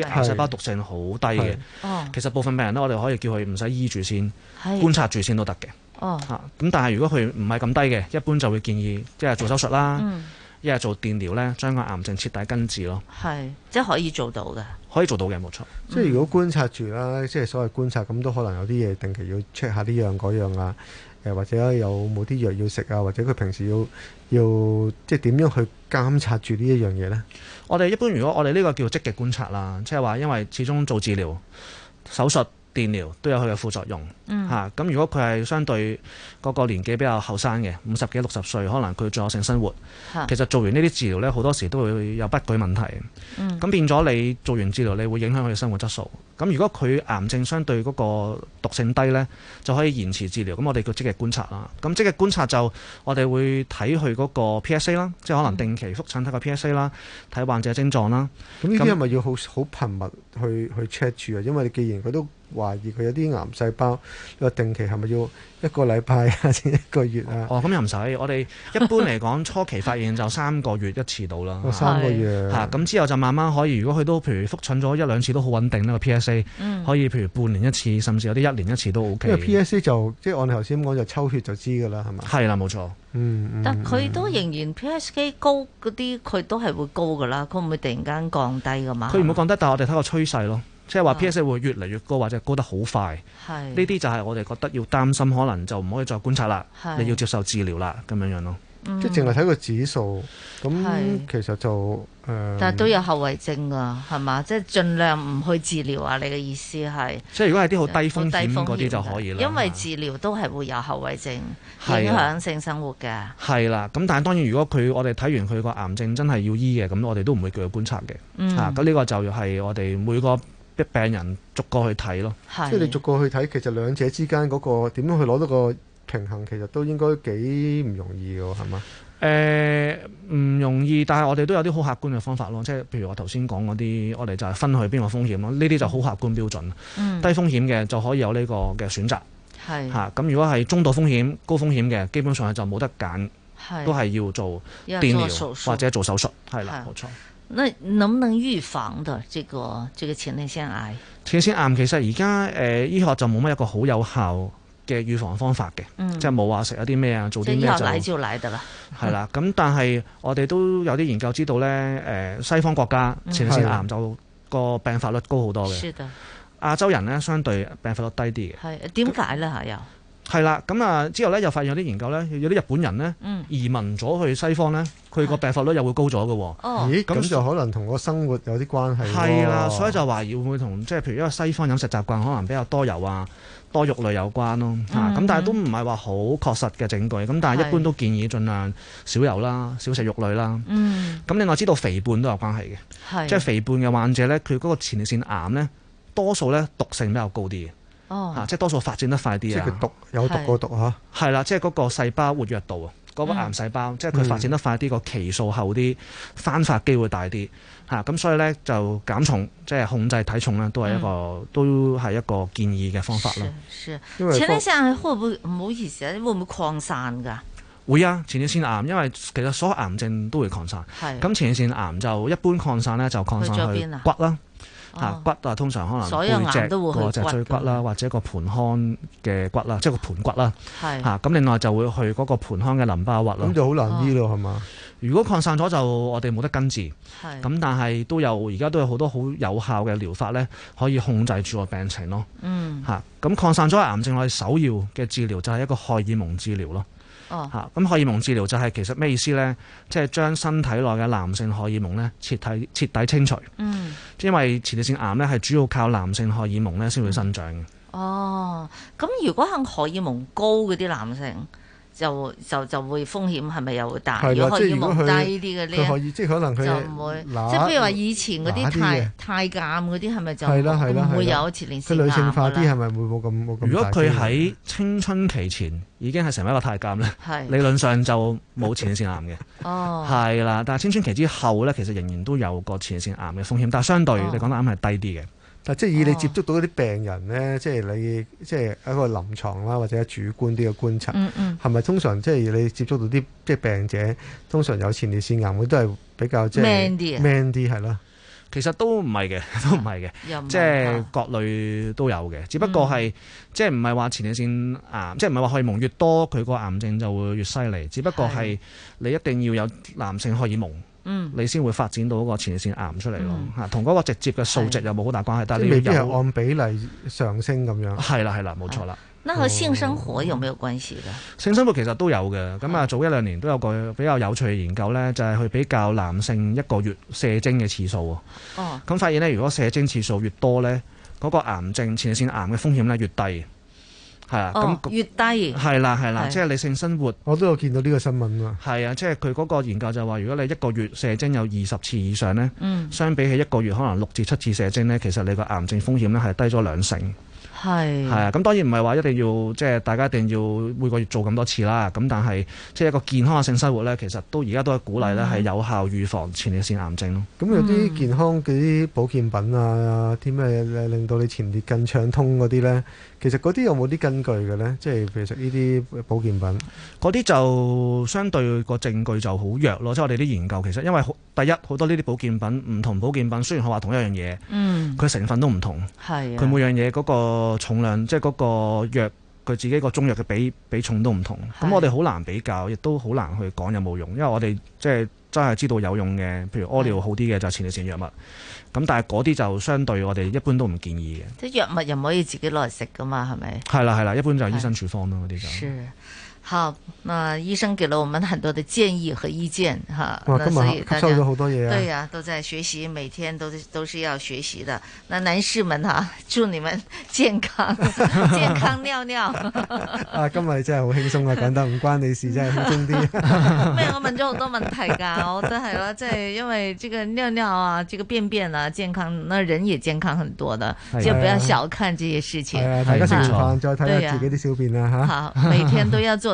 啲癌細胞毒性好低嘅，哦、其實部分病人咧，我哋可以叫佢唔使醫住先，是觀察住先都得嘅。嚇、哦，咁、啊、但係如果佢唔係咁低嘅，一般就會建議即係做手術啦，一係、嗯、做電療咧，將個癌症徹底根治咯。係，即係可以做到嘅，可以做到嘅冇錯。嗯、即係如果觀察住啦，即係所謂觀察咁，都可能有啲嘢定期要 check 下呢樣嗰樣啊，誒、呃、或者有冇啲藥要食啊，或者佢平時要要即係點樣去監察住呢一樣嘢咧？我哋一般如果我哋呢個叫積極觀察啦，即係話，因為始終做治療手術，電療都有佢嘅副作用嚇，咁、嗯啊、如果佢係相對嗰個年紀比較後生嘅五十幾六十歲，可能佢仲有性生活，啊、其實做完呢啲治療呢，好多時都會有不舉問題。咁、嗯、變咗你做完治療，你會影響佢嘅生活質素。咁如果佢癌症相對嗰個毒性低呢，就可以延遲治療。咁我哋叫積極觀察啦。咁積極觀察就我哋會睇佢嗰個 PSA 啦，即係可能定期覆診睇個 PSA 啦，睇患者的症狀啦。咁呢啲係咪要好好頻密去去 check 住啊？因為既然佢都懷疑佢有啲癌細胞，你話定期係咪要一個禮拜啊， 一個月啊？哦，咁又唔使。我哋一般嚟講， 初期發現就三個月一次到啦、哦。三個月吓，咁是、啊、之後就慢慢可以。如果佢都譬如複診咗一兩次都好穩定呢個 PSA 可以譬如半年一次，甚至有啲一年一次都 OK。因為 PSA 就即係我哋頭先講就抽血就知㗎啦，係咪？係啦，冇錯嗯。嗯，嗯但佢都仍然 PSA 高嗰啲，佢都係會高㗎啦。佢唔會突然間降低㗎嘛？佢唔會降低， 降低， 但係我哋睇個趨勢咯。即係話 PSA 會越嚟越高，或者高得好快，呢啲就係我哋覺得要擔心，可能就唔可以再觀察啦，你要接受治療啦，咁樣樣咯。即係淨係睇個指數，咁其實就但係都有後遺症噶，係嘛？即係盡量唔去治療啊？你嘅意思係？即係如果係啲好低風險嗰啲就可以啦。因為治療都係會有後遺症，影響性生活嘅。係啦，咁但係當然，如果佢我哋睇完佢個癌症真係要醫嘅，咁我哋都唔會叫佢觀察嘅。嗯。啊，咁呢個就係我哋每個。一病人逐個去睇咯，是即係你逐個去睇，其實兩者之間嗰、嗰個點樣去攞到個平衡，其實都應該幾唔容易嘅，係嘛？誒、呃，唔容易，但係我哋都有啲好客觀嘅方法咯，即係譬如我頭先講嗰啲，我哋就係分去邊個風險咯，呢啲就好客觀標準。嗯、低風險嘅就可以有呢個嘅選擇。係吓是，咁、啊、如果係中度風險、高風險嘅，基本上係就冇得揀，是都係要做電療或者做手術。係啦，冇是錯。那能唔能預防的這個這個前列腺癌？前列腺癌其實而家誒，醫學就冇乜一個好有效嘅預防方法嘅。嗯、即係冇話食一啲咩啊，做啲咩就。得啦，係啦的，咁、嗯、但係我哋都有啲研究，知道咧、呃，西方國家前列腺癌就個病發率高好多嘅，是的亞洲人咧相對病發率低啲嘅，係點解咧係呀？就係啦，咁啊之後咧又發現有啲研究咧，有啲日本人咧、嗯、移民咗去西方咧，佢個病發率又會高咗嘅。喎。咁、哦、就可能同個生活有啲關係。係啦、啊，所以就話會唔會同即係譬如因為西方飲食習慣可能比較多油啊、多肉類有關咯嚇咁、嗯嗯啊、但係都唔係話好確實嘅證據。咁但係一般都建議盡量少油啦、少食肉類啦。是嗯。咁另外知道肥胖都有關係嘅，是即係肥胖嘅患者咧，佢嗰個前列腺癌咧，多數咧毒性比較高啲。哦，啊、即係多數發展得快啲啊！即係佢毒有毒過毒嚇、啊，係啦，即係嗰個細胞活躍度啊，嗰、嗰個癌細胞，嗯、即係佢發展得快啲，個期、嗯、數後啲，翻發機會大啲嚇，咁、啊、所以咧就減重，即係控制體重咧，嗯、都係一個，都係一個建議嘅方法咯。是，是。因為前列腺會唔會唔好意思啊？會唔會擴散㗎？會啊，前列腺癌，因為其實所有癌症都會擴散。咁是、嗯、前列腺癌就一般擴散咧，就擴散去邊、啊、骨啦。嚇、啊、骨啊，通常可能背脊，所以脊椎骨啦，或者一個盆腔嘅骨啦，即係個盆骨啦。係嚇咁，另外就會去嗰個盆腔嘅淋巴核咯。咁就好難醫咯，係嘛、哦？如果擴散咗就我哋冇得根治。係咁是，但係都有而家都有好多好有效嘅療法咧，可以控制住個病情咯。嗯嚇咁，擴散咗癌症，我哋首要嘅治療就係一個荷爾蒙治療咯。嚇，咁荷、哦、爾蒙治療就係其實咩意思呢？即、就、係、是、將身體內嘅男性荷爾蒙呢，徹底徹底清除。嗯，因為前列腺癌呢係主要靠男性荷爾蒙呢先會生長、嗯、哦，咁如果係荷爾蒙高嗰啲男性？就就就會風險係咪又會大？如果可以，如果佢低啲嘅咧，可以即係可能佢就唔會，即係譬如話以前嗰啲太太監嗰啲係咪就唔會有前列腺癌？女性化啲係咪會冇咁冇咁？如果佢喺青春期前已經係成為一個太監咧，理論上就冇前列腺癌嘅哦，係啦。但係青春期之後咧，其實仍然都有個前列腺癌嘅風險，但係相對你講得啱係低啲嘅。但係即係以你接觸到啲病人咧、哦，即係你即係一個臨床啦，或者主觀啲嘅觀察，係咪、嗯嗯、通常即係你接觸到啲即係病者，通常有前列腺癌，都係比較即係 man 啲係咯。啊、其實都唔係嘅，都唔係嘅，即係、啊、各類都有嘅。只不過係、嗯、即係唔係話前列腺癌，即係唔係話荷爾蒙越多，佢個癌症就會越犀利。只不過係你一定要有男性荷爾蒙。嗯，你先會發展到嗰個前列腺癌出嚟咯，嚇、嗯，同嗰個直接嘅數值又冇好大關係，是的但係你要未必係按比例上升咁樣。係啦，係啦，冇錯啦、啊。那和性生活有冇有關係咧？哦、性生活其實都有嘅，咁啊，早一兩年都有一個比較有趣嘅研究呢，哦、就係去比較男性一個月射精嘅次數喎。哦。咁發現呢，如果射精次數越多呢，嗰、那個癌症前列腺癌嘅風險咧越低。係啊，咁越低係啦係啦，即係你性生活，我都有見到呢個新聞啊。係啊，即係佢嗰個研究就話，如果你一個月射精有二十次以上咧，嗯、相比起一個月可能六至七次射精咧，其實你個癌症風險咧係低咗兩成。係係啊，咁當然唔係話一定要即係大家一定要每個月做咁多次啦。咁但係即係一個健康嘅性生活咧，其實都而家都係鼓勵咧，係、嗯、有效預防前列腺癌症咯。咁、嗯、有啲健康嘅啲保健品啊，啲、啊、咩令到你前列更暢通嗰啲咧？其實嗰啲有冇啲根據嘅呢？即係其實呢啲保健品，嗰啲就相對個證據就好弱咯。即、就、係、是、我哋啲研究其實，因為第一好多呢啲保健品唔同保健品，雖然佢話同一樣嘢，嗯，佢成分都唔同，係佢、啊、每樣嘢嗰個重量，即係嗰個藥佢自己個中藥嘅比比重都唔同。咁、啊、我哋好難比較，亦都好難去講有冇用，因為我哋即係。就是真係知道有用嘅，譬如屙尿好啲嘅就係前列腺藥物，咁是的 但係嗰啲就相對我哋一般都唔建議嘅。即藥物又唔可以自己攞嚟食㗎嘛，係咪？係啦係啦，一般就係醫生處方咯，嗰啲就。好，那醫生給了我們很多的建議和意見，哈，那所以吸收咗好多嘢啊，對呀，都在學習，每天都都是要學習的。那男士們哈，祝你們健康，健康尿尿。啊，今日真係好輕鬆啊，講得唔關你事真係，輕鬆啲。咩我問咗好多問題噶，我真係咯，即係因為這個尿尿啊，這個便便啊，健康，那人也健康很多的，就不要小看這些事情。係啊，大家食完飯再睇下自己啲小便啦，好，每天都要做。